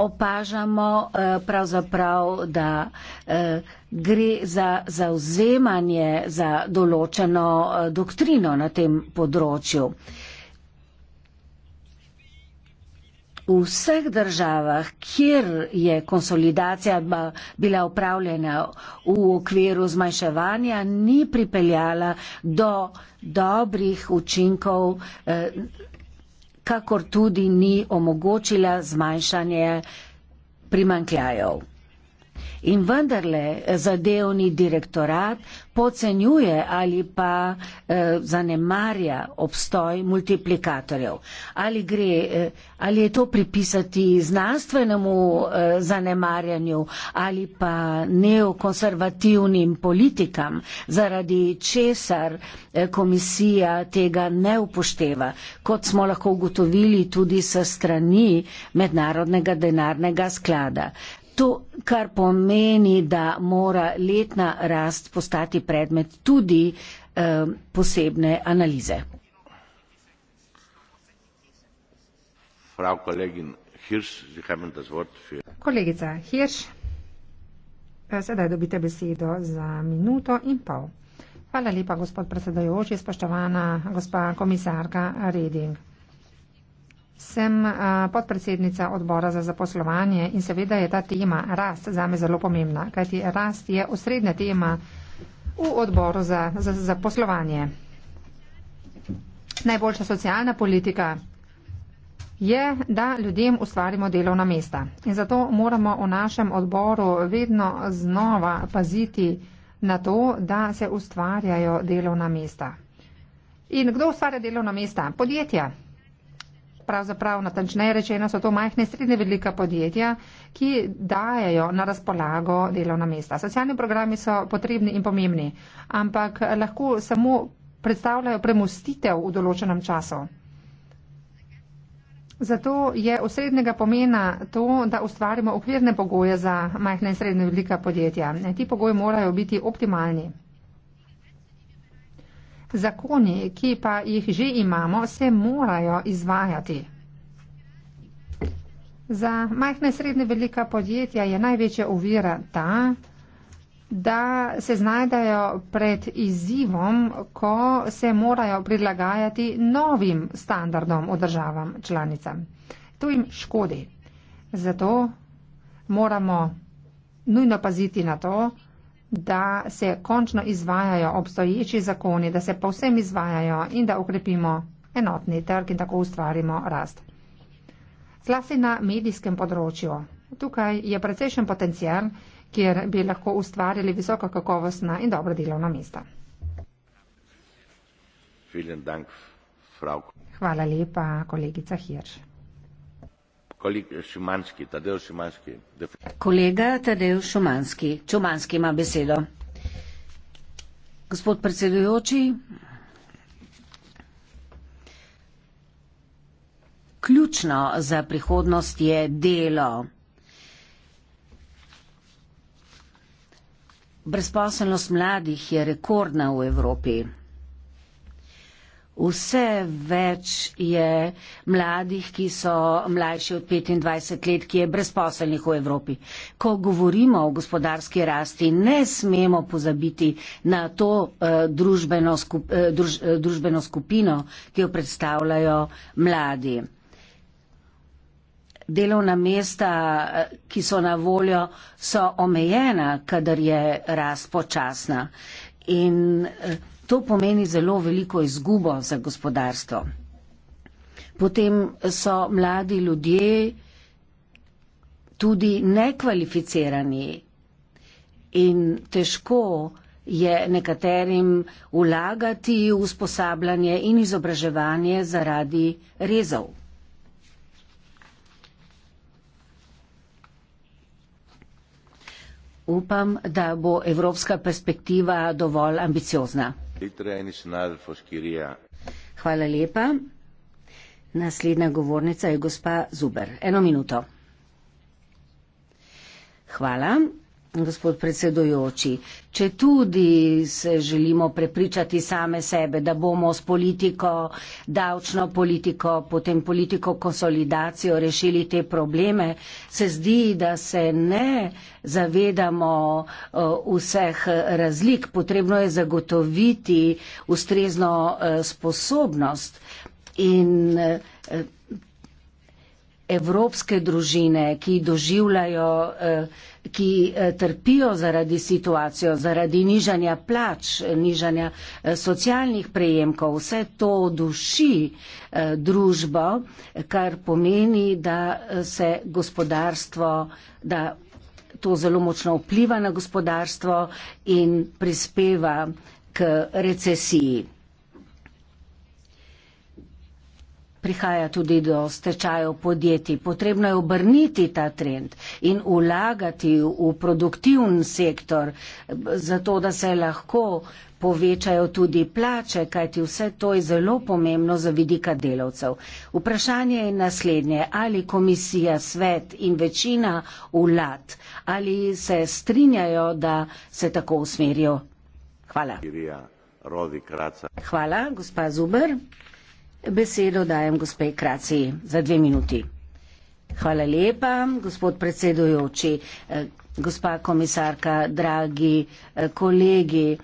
opažamo eh, pravzaprav, da eh, gre za zauzemanje za določeno eh, doktrino na tem področju. v vseh državah, kjer je konsolidacija bila upravljena v okviru zmanjševanja, ni pripeljala do dobrih učinkov, eh, kakor tudi ni omogočila zmanjšanje primankljajev. In vendarle eh, zadevni direktorat pocenjuje ali pa eh, zanemarja obstoj multiplikatorjev. Ali, gre, eh, ali je to pripisati znanstvenemu eh, zanemarjanju ali pa neokonservativnim politikam, zaradi česar eh, komisija tega ne upošteva, kot smo lahko ugotovili tudi s strani mednarodnega denarnega sklada. To, kar pomeni, da mora letna rast postati predmet tudi um, posebne analize. Kolegica Hirš, eh, sedaj dobite besedo za minuto in pol. Hvala lepa, gospod predsedajoči, spoštovana gospa komisarka Reding. Sem podpredsednica odbora za zaposlovanje in seveda je ta tema rast zame zelo pomembna, kajti rast je osrednja tema v odboru za zaposlovanje. Za Najboljša socialna politika je, da ljudem ustvarimo delovna mesta. In zato moramo v našem odboru vedno znova paziti na to, da se ustvarjajo delovna mesta. In kdo ustvarja delovna mesta? Podjetja pravzaprav natančneje rečeno so to majhne srednje velika podjetja, ki dajajo na razpolago delovna mesta. Socialni programi so potrebni in pomembni, ampak lahko samo predstavljajo premustitev v določenem času. Zato je osrednjega pomena to, da ustvarimo okvirne pogoje za majhne in srednje velika podjetja. Ti pogoji morajo biti optimalni. Zakoni, ki pa jih že imamo, se morajo izvajati. Za majhne srednje velika podjetja je največja uvira ta, da se znajdajo pred izzivom, ko se morajo prilagajati novim standardom v državam članicam. To jim škodi. Zato moramo nujno paziti na to, da se končno izvajajo obstoječi zakoni, da se povsem izvajajo in da ukrepimo enotni trg in tako ustvarimo rast. Zlasti na medijskem področju. Tukaj je precejšen potencial, kjer bi lahko ustvarili visoko kakovostna in dobra delovna mesta. Hvala lepa, kolegica Hirš. Eh, Šumanski, Tadeo Šumanski. Kolega Tadeo Šumanski. Šumanski ima besedo. Gospod predsedujoči, ključno za prihodnost je delo. Brezposelnost mladih je rekordna v Evropi. Vse več je mladih, ki so mlajši od 25 let, ki je brezposelnih v Evropi. Ko govorimo o gospodarski rasti, ne smemo pozabiti na to eh, družbeno, skup, eh, druž, eh, družbeno skupino, ki jo predstavljajo mladi. Delovna mesta, eh, ki so na voljo, so omejena, kadar je rast počasna. Eh, in eh, to pomeni zelo veliko izgubo za gospodarstvo. Potem so mladi ljudje tudi nekvalificirani in težko je nekaterim vlagati v usposabljanje in izobraževanje zaradi rezov. upam, da bo evropska perspektiva dovolj ambiciozna. Hvala lepa. Naslednja govornica je gospa Zuber. Eno minuto. Hvala gospod predsedujoči. Če tudi se želimo prepričati same sebe, da bomo s politiko, davčno politiko, potem politiko konsolidacijo rešili te probleme, se zdi, da se ne zavedamo vseh razlik. Potrebno je zagotoviti ustrezno e, sposobnost in e, evropske družine, ki doživljajo eh, ki eh, trpijo zaradi situacijo, zaradi nižanja plač, nižanja eh, socialnih prejemkov. Vse to duši eh, družbo, kar pomeni, da se gospodarstvo, da to zelo močno vpliva na gospodarstvo in prispeva k recesiji. prihaja tudi do stečajev podjetij. Potrebno je obrniti ta trend in ulagati v produktivn sektor, zato da se lahko povečajo tudi plače, kajti vse to je zelo pomembno za vidika delavcev. Vprašanje je naslednje, ali komisija, svet in večina vlad, ali se strinjajo, da se tako usmerijo? Hvala. Hvala, gospa Zuber. Besedo dajem gospe Kraciji za dve minuti. Hvala lepa, gospod predsedujoči, eh, gospa komisarka, dragi eh, kolegi.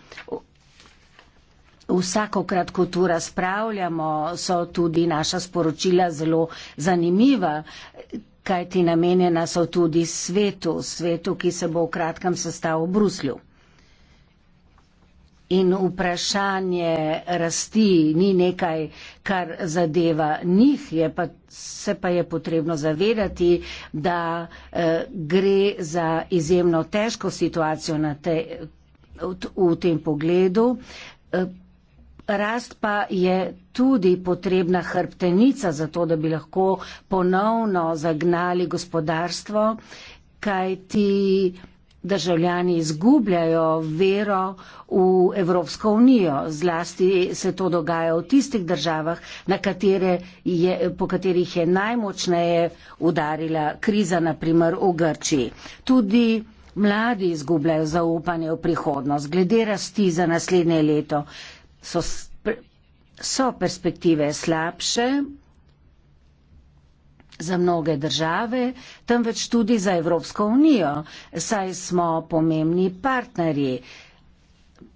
Vsakokrat, ko tu razpravljamo, so tudi naša sporočila zelo zanimiva, kajti namenjena so tudi svetu, svetu, ki se bo v kratkem sestavil v Bruslju in vprašanje rasti ni nekaj, kar zadeva njih, pa, se pa je potrebno zavedati, da eh, gre za izjemno težko situacijo na te, v, v tem pogledu. Eh, rast pa je tudi potrebna hrbtenica za to, da bi lahko ponovno zagnali gospodarstvo, kaj ti državljani izgubljajo vero v Evropsko unijo. Zlasti se to dogaja v tistih državah, katere je, po katerih je najmočneje udarila kriza, naprimer v Grčiji. Tudi mladi izgubljajo zaupanje v prihodnost. Glede rasti za naslednje leto so, so perspektive slabše za mnoge države, temveč tudi za Evropsko unijo, saj smo pomembni partnerji.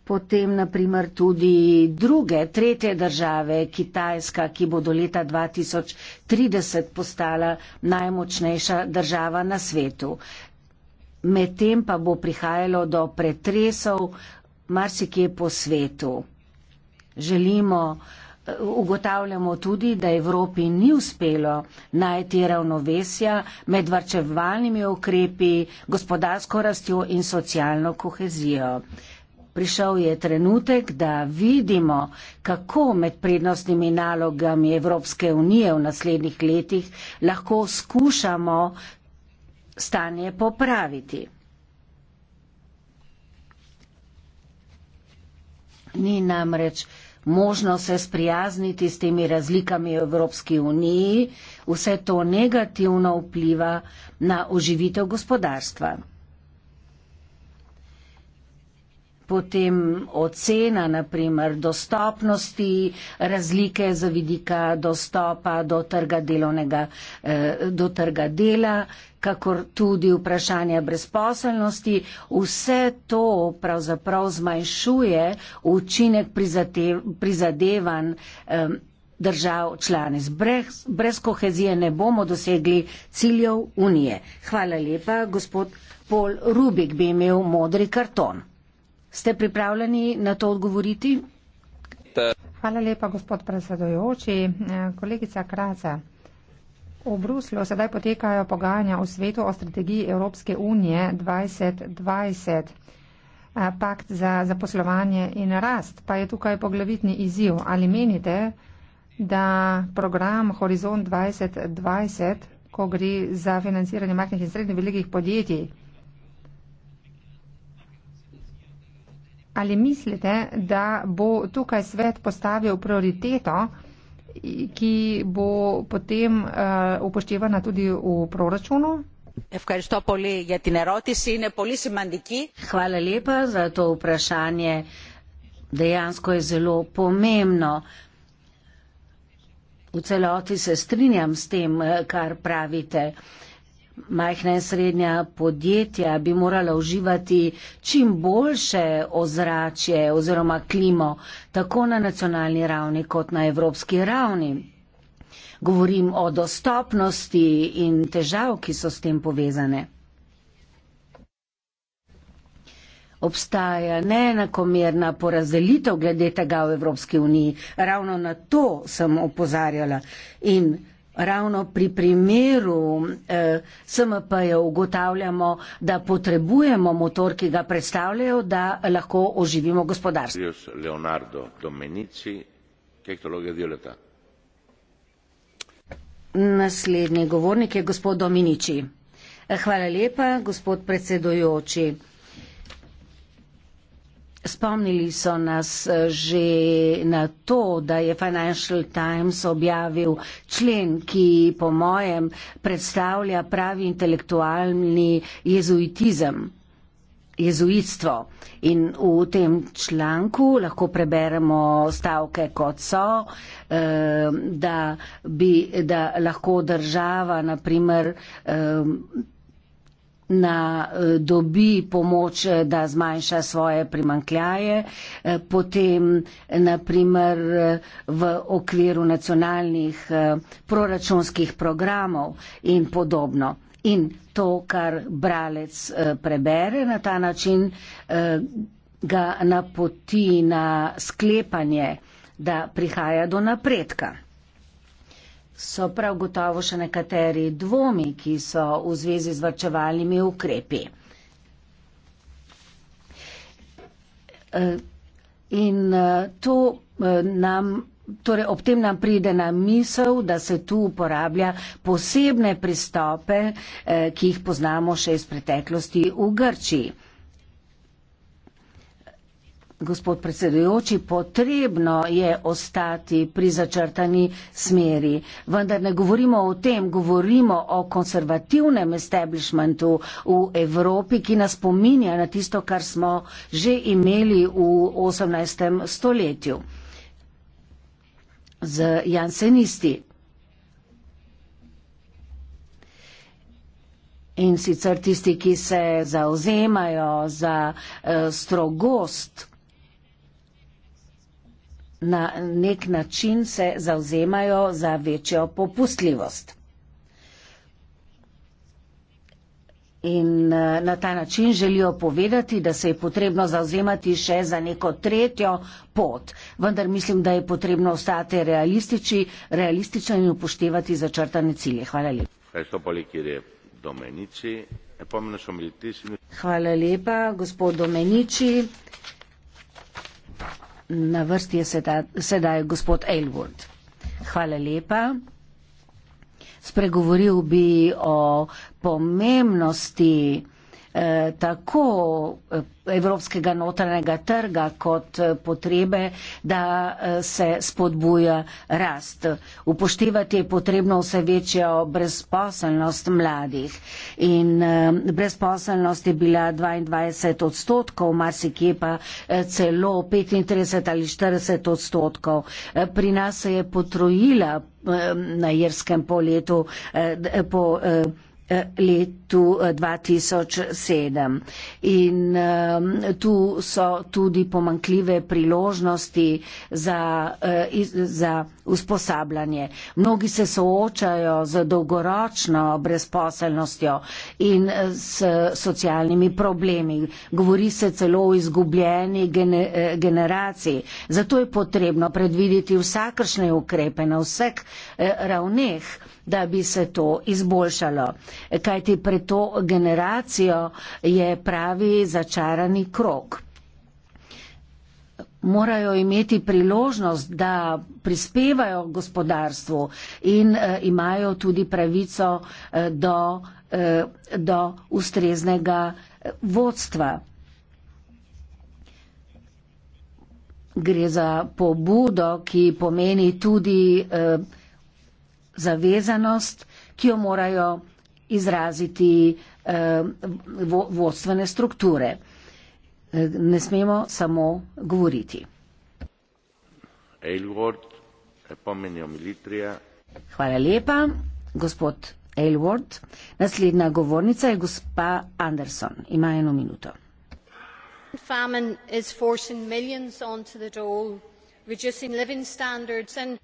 Potem naprimer tudi druge, tretje države, Kitajska, ki bo do leta 2030 postala najmočnejša država na svetu. Medtem pa bo prihajalo do pretresov marsikje po svetu. Želimo, Ugotavljamo tudi, da Evropi ni uspelo najti ravnovesja med varčevalnimi ukrepi, gospodarsko rastjo in socialno kohezijo. Prišel je trenutek, da vidimo, kako med prednostnimi nalogami Evropske unije v naslednjih letih lahko skušamo stanje popraviti. Ni namreč možno se sprijazniti s temi razlikami v Evropski uniji, vse to negativno vpliva na oživitev gospodarstva. potem ocena, naprimer dostopnosti, razlike za vidika dostopa do trga, delovnega, eh, do trga dela, kakor tudi vprašanje brezposelnosti, vse to pravzaprav zmanjšuje učinek prizadevan eh, držav članic. Brez, brez kohezije ne bomo dosegli ciljev unije. Hvala lepa, gospod Pol Rubik bi imel modri karton. Ste pripravljeni na to odgovoriti? Hvala lepa, gospod predsedojoči. Kolegica Kraca, v Bruslju sedaj potekajo pogajanja v svetu o strategiji Evropske unije 2020, pakt za zaposlovanje in rast, pa je tukaj poglavitni izziv. Ali menite, da program Horizon 2020, ko gre za financiranje majhnih in srednjih velikih podjetij, ali mislite, da bo tukaj svet postavil prioriteto, ki bo potem uh, upoštevana tudi v proračunu? Hvala lepa za to vprašanje. Dejansko je zelo pomembno. V celoti se strinjam s tem, kar pravite. Uh, Majhna in srednja podjetja bi morala uživati čim boljše ozračje oziroma klimo, tako na nacionalni ravni kot na evropski ravni. Govorim o dostopnosti in težav, ki so s tem povezane. Obstaja neenakomerna porazdelitev glede tega v Evropski uniji. Ravno na to sem opozarjala. In ravno pri primeru eh, SMP-ja ugotavljamo, da potrebujemo motor, ki ga predstavljajo, da lahko oživimo gospodarstvo. Naslednji govornik je gospod Dominici. Hvala lepa, gospod predsedujoči. Spomnili so nas eh, že na to, da je Financial Times objavil člen, ki po mojem predstavlja pravi intelektualni jezuitizem, jezuitstvo. In v tem članku lahko preberemo stavke kot so, eh, da, bi, da lahko država, naprimer, eh, na, eh, dobi pomoč, eh, da zmanjša svoje primankljaje, eh, potem naprimer v okviru nacionalnih proračunskih programov in podobno. In to, kar bralec prebere na ta način, ga napoti na sklepanje, da prihaja do napredka. So prav gotovo še nekateri dvomi, ki so v zvezi z vrčevalnimi ukrepi. E, in e, to e, nam, torej ob tem nam pride na misel, da se tu uporablja posebne pristope, ki jih poznamo še iz preteklosti v Grčiji. Gospod predsedujoči, potrebno je ostati pri začrtani smeri, vendar ne govorimo o tem, govorimo o konservativnem establishmentu v Evropi, ki nas pominja na tisto, kar smo že imeli v 18. stoletju z jansenisti. In sicer tisti, ki se zauzemajo za eh, strogost na nek način se zauzemajo za večjo popustljivost. In eh, na ta način želijo povedati, da se je potrebno zauzemati še za neko tretjo pot. Vendar mislim, da je potrebno ostati realistični, realistični in upoštevati začrtane cilje. Hvala lepa. Hvala lepa, gospod Domenici. Na vrsti je sedaj, sedaj gospod Aylward. Hvala lepa. Spregovoril bi o pomembnosti Eh, tako eh, evropskega notranjega trga kot eh, potrebe, da se spodbuja rast. Upoštevati je potrebno vse večjo brezposelnost mladih. In brezposelnost je bila 22 odstotkov, marsikje pa celo 35 ali 40 odstotkov. Pri nas se je potrojila na jerskem poletu po. Letu, po letu 2007. Eh, In ehm, tu so tudi pomankljive priložnosti za, eh, za usposabljanje. Mnogi se soočajo z dolgoročno brezposelnostjo in eh, s socialnimi problemi. Govori se celo o izgubljeni eh, generaciji. Zato je potrebno predvideti vsakršne ukrepe na vseh eh, ravneh da bi se to izboljšalo. Kajti pred to generacijo je pravi začarani krok morajo imeti priložnost, da prispevajo gospodarstvu in uh, imajo tudi pravico uh, do, uh, do ustreznega vodstva. Gre za pobudo, ki pomeni tudi uh, zavezanost, ki jo morajo izraziti uh, vo vodstvene strukture ne smemo samo govoriti. E Hvala lepa, gospod Aylward. Naslednja govornica je gospa Anderson. Ima eno minuto. Famine is forcing millions onto the dole, reducing living standards and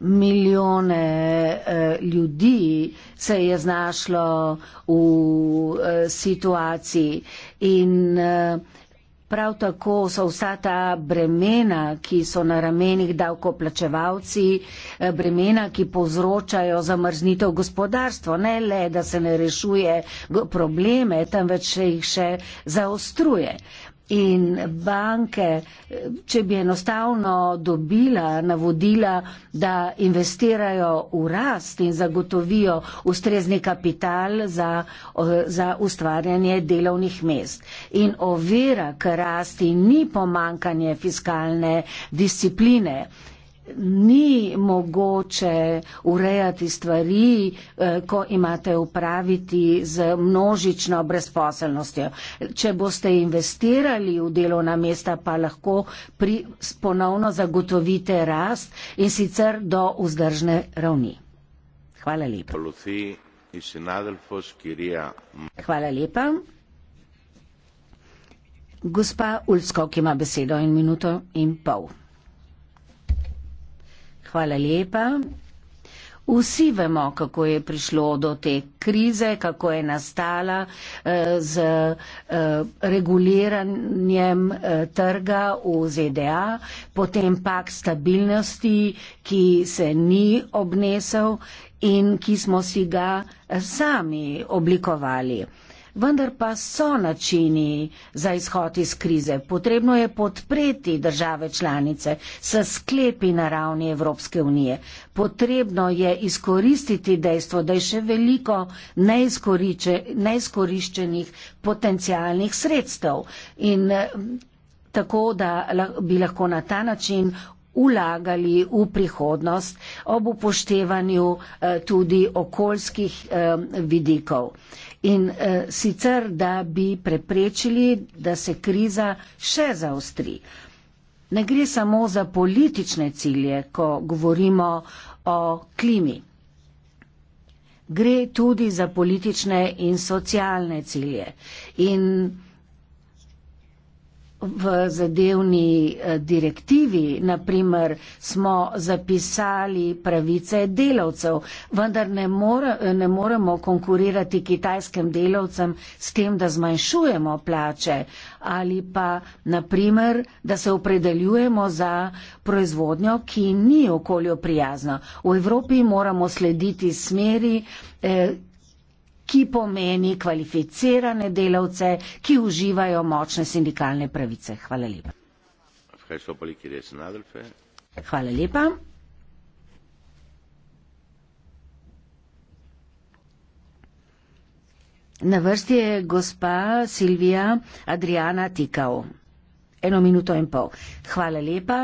milijone eh, ljudi se je znašlo v eh, situaciji in eh, prav tako so vsa ta bremena, ki so na ramenih davkoplačevalci, bremena, ki povzročajo zamrznitev gospodarstva, ne le, da se ne rešuje probleme, temveč se jih še zaostruje. In banke, če bi enostavno dobila navodila, da investirajo v rast in zagotovijo ustrezni kapital za, za ustvarjanje delovnih mest. In ovira k rasti ni pomankanje fiskalne discipline ni mogoče urejati stvari, eh, ko imate upraviti z množično brezposelnostjo. Če boste investirali v delovna mesta, pa lahko pri, ponovno zagotovite rast in sicer do vzdržne ravni. Hvala lepa. Hvala lepa. Gospa Ulskov, ki ima besedo in minuto in pol. Hvala lepa. Vsi vemo, kako je prišlo do te krize, kako je nastala eh, z eh, reguliranjem eh, trga v ZDA, potem pak stabilnosti, ki se ni obnesel in ki smo si ga sami oblikovali vendar pa so načini za izhod iz krize. Potrebno je podpreti države članice s sklepi na ravni Evropske unije. Potrebno je izkoristiti dejstvo, da je še veliko neizkoriščenih potencijalnih sredstev in tako, da bi lahko na ta način vlagali v prihodnost ob upoštevanju eh, tudi okoljskih eh, vidikov. Eh, in uh, sicer, da bi preprečili, da se kriza še zaostri. Ne gre samo za politične cilje, ko govorimo o klimi. Gre tudi za politične in socialne cilje. In v zadevni eh, direktivi, naprimer, smo zapisali pravice delavcev, vendar ne, more, eh, ne moremo konkurirati kitajskim delavcem s tem, da zmanjšujemo plače ali pa, naprimer, da se opredeljujemo za proizvodnjo, ki ni okoljo prijazna. V Evropi moramo slediti smeri, eh, ki pomeni kvalificirane delavce, ki uživajo močne sindikalne pravice. Hvala lepa. Hvala lepa. Na vrsti je gospa Silvija Adriana Tikao. Eno minuto in pol. Hvala lepa.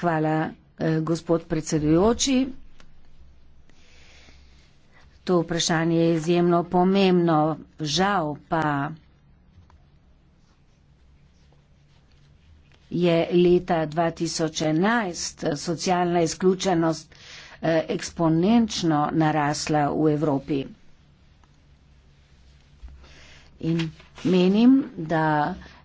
Hvala, eh, gospod predsedujoči. To vprašanje je izjemno pomembno, žal pa je leta 2011 socialna izključenost eh, eksponenčno narasla v Evropi. In menim, da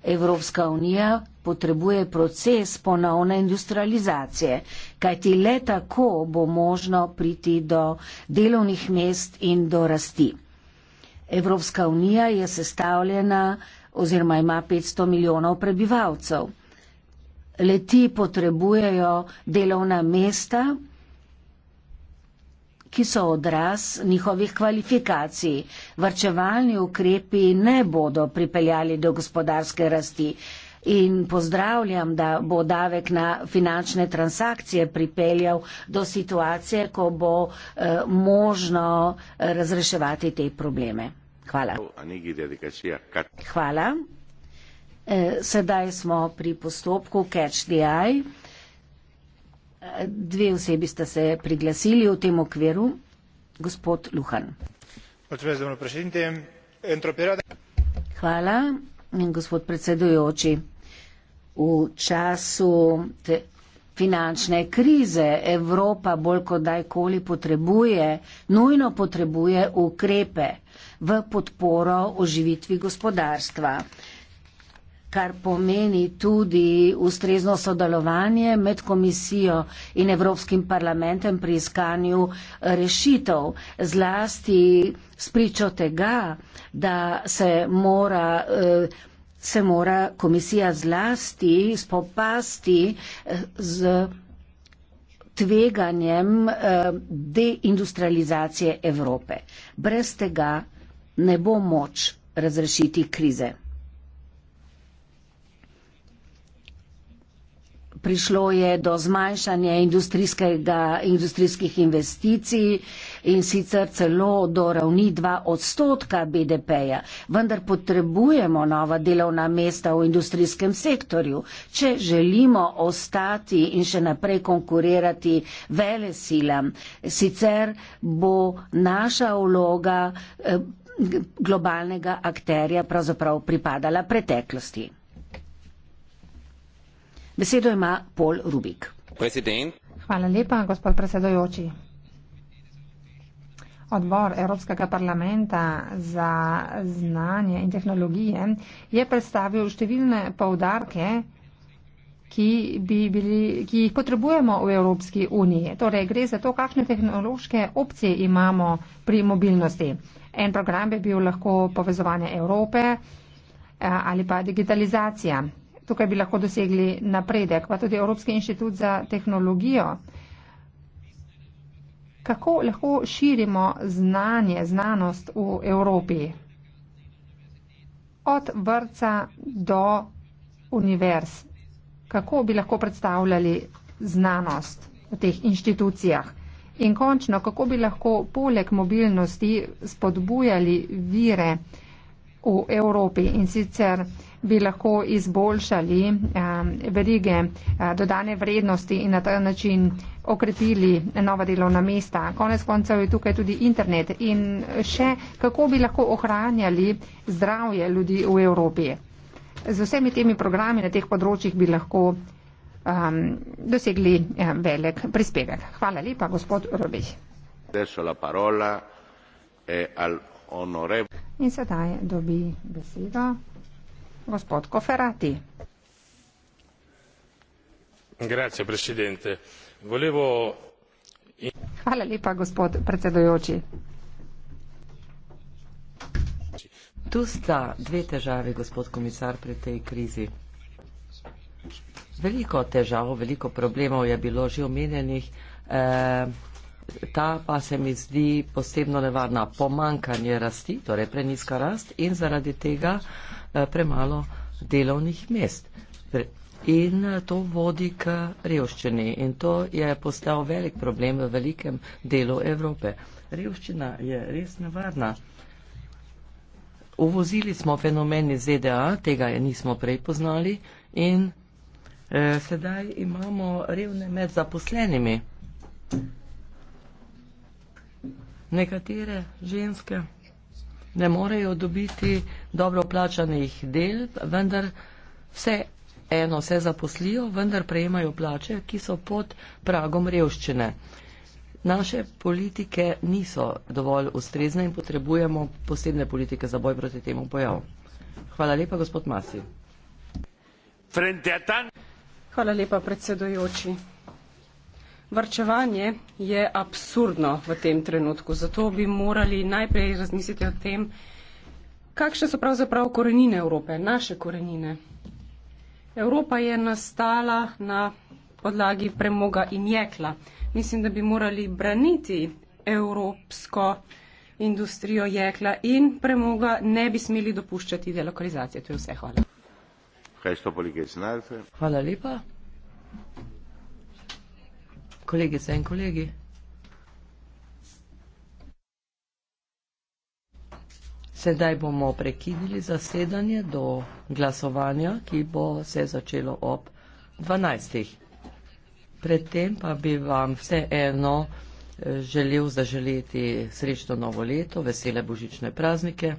Evropska unija potrebuje proces ponovne industrializacije, kajti le tako bo možno priti do delovnih mest in do rasti. Evropska unija je sestavljena oziroma ima 500 milijonov prebivalcev. Leti potrebujejo delovna mesta, ki so odraz njihovih kvalifikacij. Vrčevalni ukrepi ne bodo pripeljali do gospodarske rasti in pozdravljam, da bo davek na finančne transakcije pripeljal do situacije, ko bo eh, možno eh, razreševati te probleme. Hvala. Hvala. Eh, sedaj smo pri postopku Catch the Eye. Dve osebi ste se priglasili v tem okviru. Gospod Luhan. Hvala. In gospod predsedujoči v času te finančne krize Evropa bolj kot dajkoli potrebuje, nujno potrebuje ukrepe v podporo oživitvi gospodarstva kar pomeni tudi ustrezno sodelovanje med komisijo in Evropskim parlamentem pri iskanju rešitev, zlasti spričo tega, da se mora eh, se mora komisija zlasti spopasti eh, z tveganjem eh, deindustrializacije Evrope. Brez tega ne bo moč razrešiti krize. Prišlo je do zmanjšanja industrijskih investicij, eh, in sicer celo do ravni 2 odstotka BDP-ja. Vendar potrebujemo nova delovna mesta v industrijskem sektorju, če želimo ostati in še naprej konkurirati vele silam. Sicer bo naša vloga eh, globalnega akterja pravzaprav pripadala preteklosti. Besedo ima Pol Rubik. Hvala lepa, gospod predsedojoči. Odbor Evropskega parlamenta za znanje in tehnologije je predstavil številne povdarke, ki, bi bili, ki jih potrebujemo v Evropski uniji. Torej, gre za to, kakšne tehnološke opcije imamo pri mobilnosti. En program bi bil lahko povezovanje Evrope eh, ali pa digitalizacija. Tukaj bi lahko dosegli napredek, pa tudi Evropski inštitut za tehnologijo kako lahko širimo znanje, znanost v Evropi. Od vrca do univerz. Kako bi lahko predstavljali znanost v teh inštitucijah? In končno, kako bi lahko poleg mobilnosti spodbujali vire v Evropi in sicer bi lahko izboljšali um, verige uh, dodane vrednosti in na ta način uh, okrepili nova delovna mesta. Konec koncev je tukaj tudi internet in še kako bi lahko ohranjali zdravje ljudi v Evropi. Z vsemi temi programi na teh področjih bi lahko um, dosegli um, velik prispevek. Hvala lepa, gospod Robih. Eh, in sedaj dobi besedo gospod Koferati. Grazie, presidente hvala lepa gospod predsedujoči tu sta dve težavi gospod komisar pri tej krizi veliko težav veliko problemov je bilo že omenjenih e, ta pa se mi zdi posebno nevarna pomankanje rasti torej prenizka rast in zaradi tega e, premalo delovnih mest In eh, to vodi k revščini in to je postal velik problem v velikem delu Evrope. Revščina je res nevarna. Uvozili smo fenomen iz ZDA, tega je nismo prej poznali in eh, sedaj imamo revne med zaposlenimi. Nekatere ženske ne morejo dobiti dobro plačanih del, vendar vse eno se zaposlijo, vendar prejemajo plače, ki so pod pragom revščine. Naše politike niso dovolj ustrezne in potrebujemo posebne politike za boj proti temu pojavu. Hvala lepa, gospod Masi. Hvala lepa, predsedujoči. Vrčevanje je absurdno v tem trenutku, zato bi morali najprej razmisliti o tem, kakšne so pravzaprav korenine Evrope, naše korenine. Evropa je nastala na podlagi premoga in jekla. Mislim, da bi morali braniti evropsko industrijo jekla in premoga, ne bi smeli dopuščati delokalizacije. To je vse. Hvala. Hvala lepa. Kolegice in kolegi. Sedaj bomo prekidili zasedanje do glasovanja, ki bo se začelo ob 12. Predtem pa bi vam vseeno eh, želel zaželeti srečno novo leto, vesele božične praznike.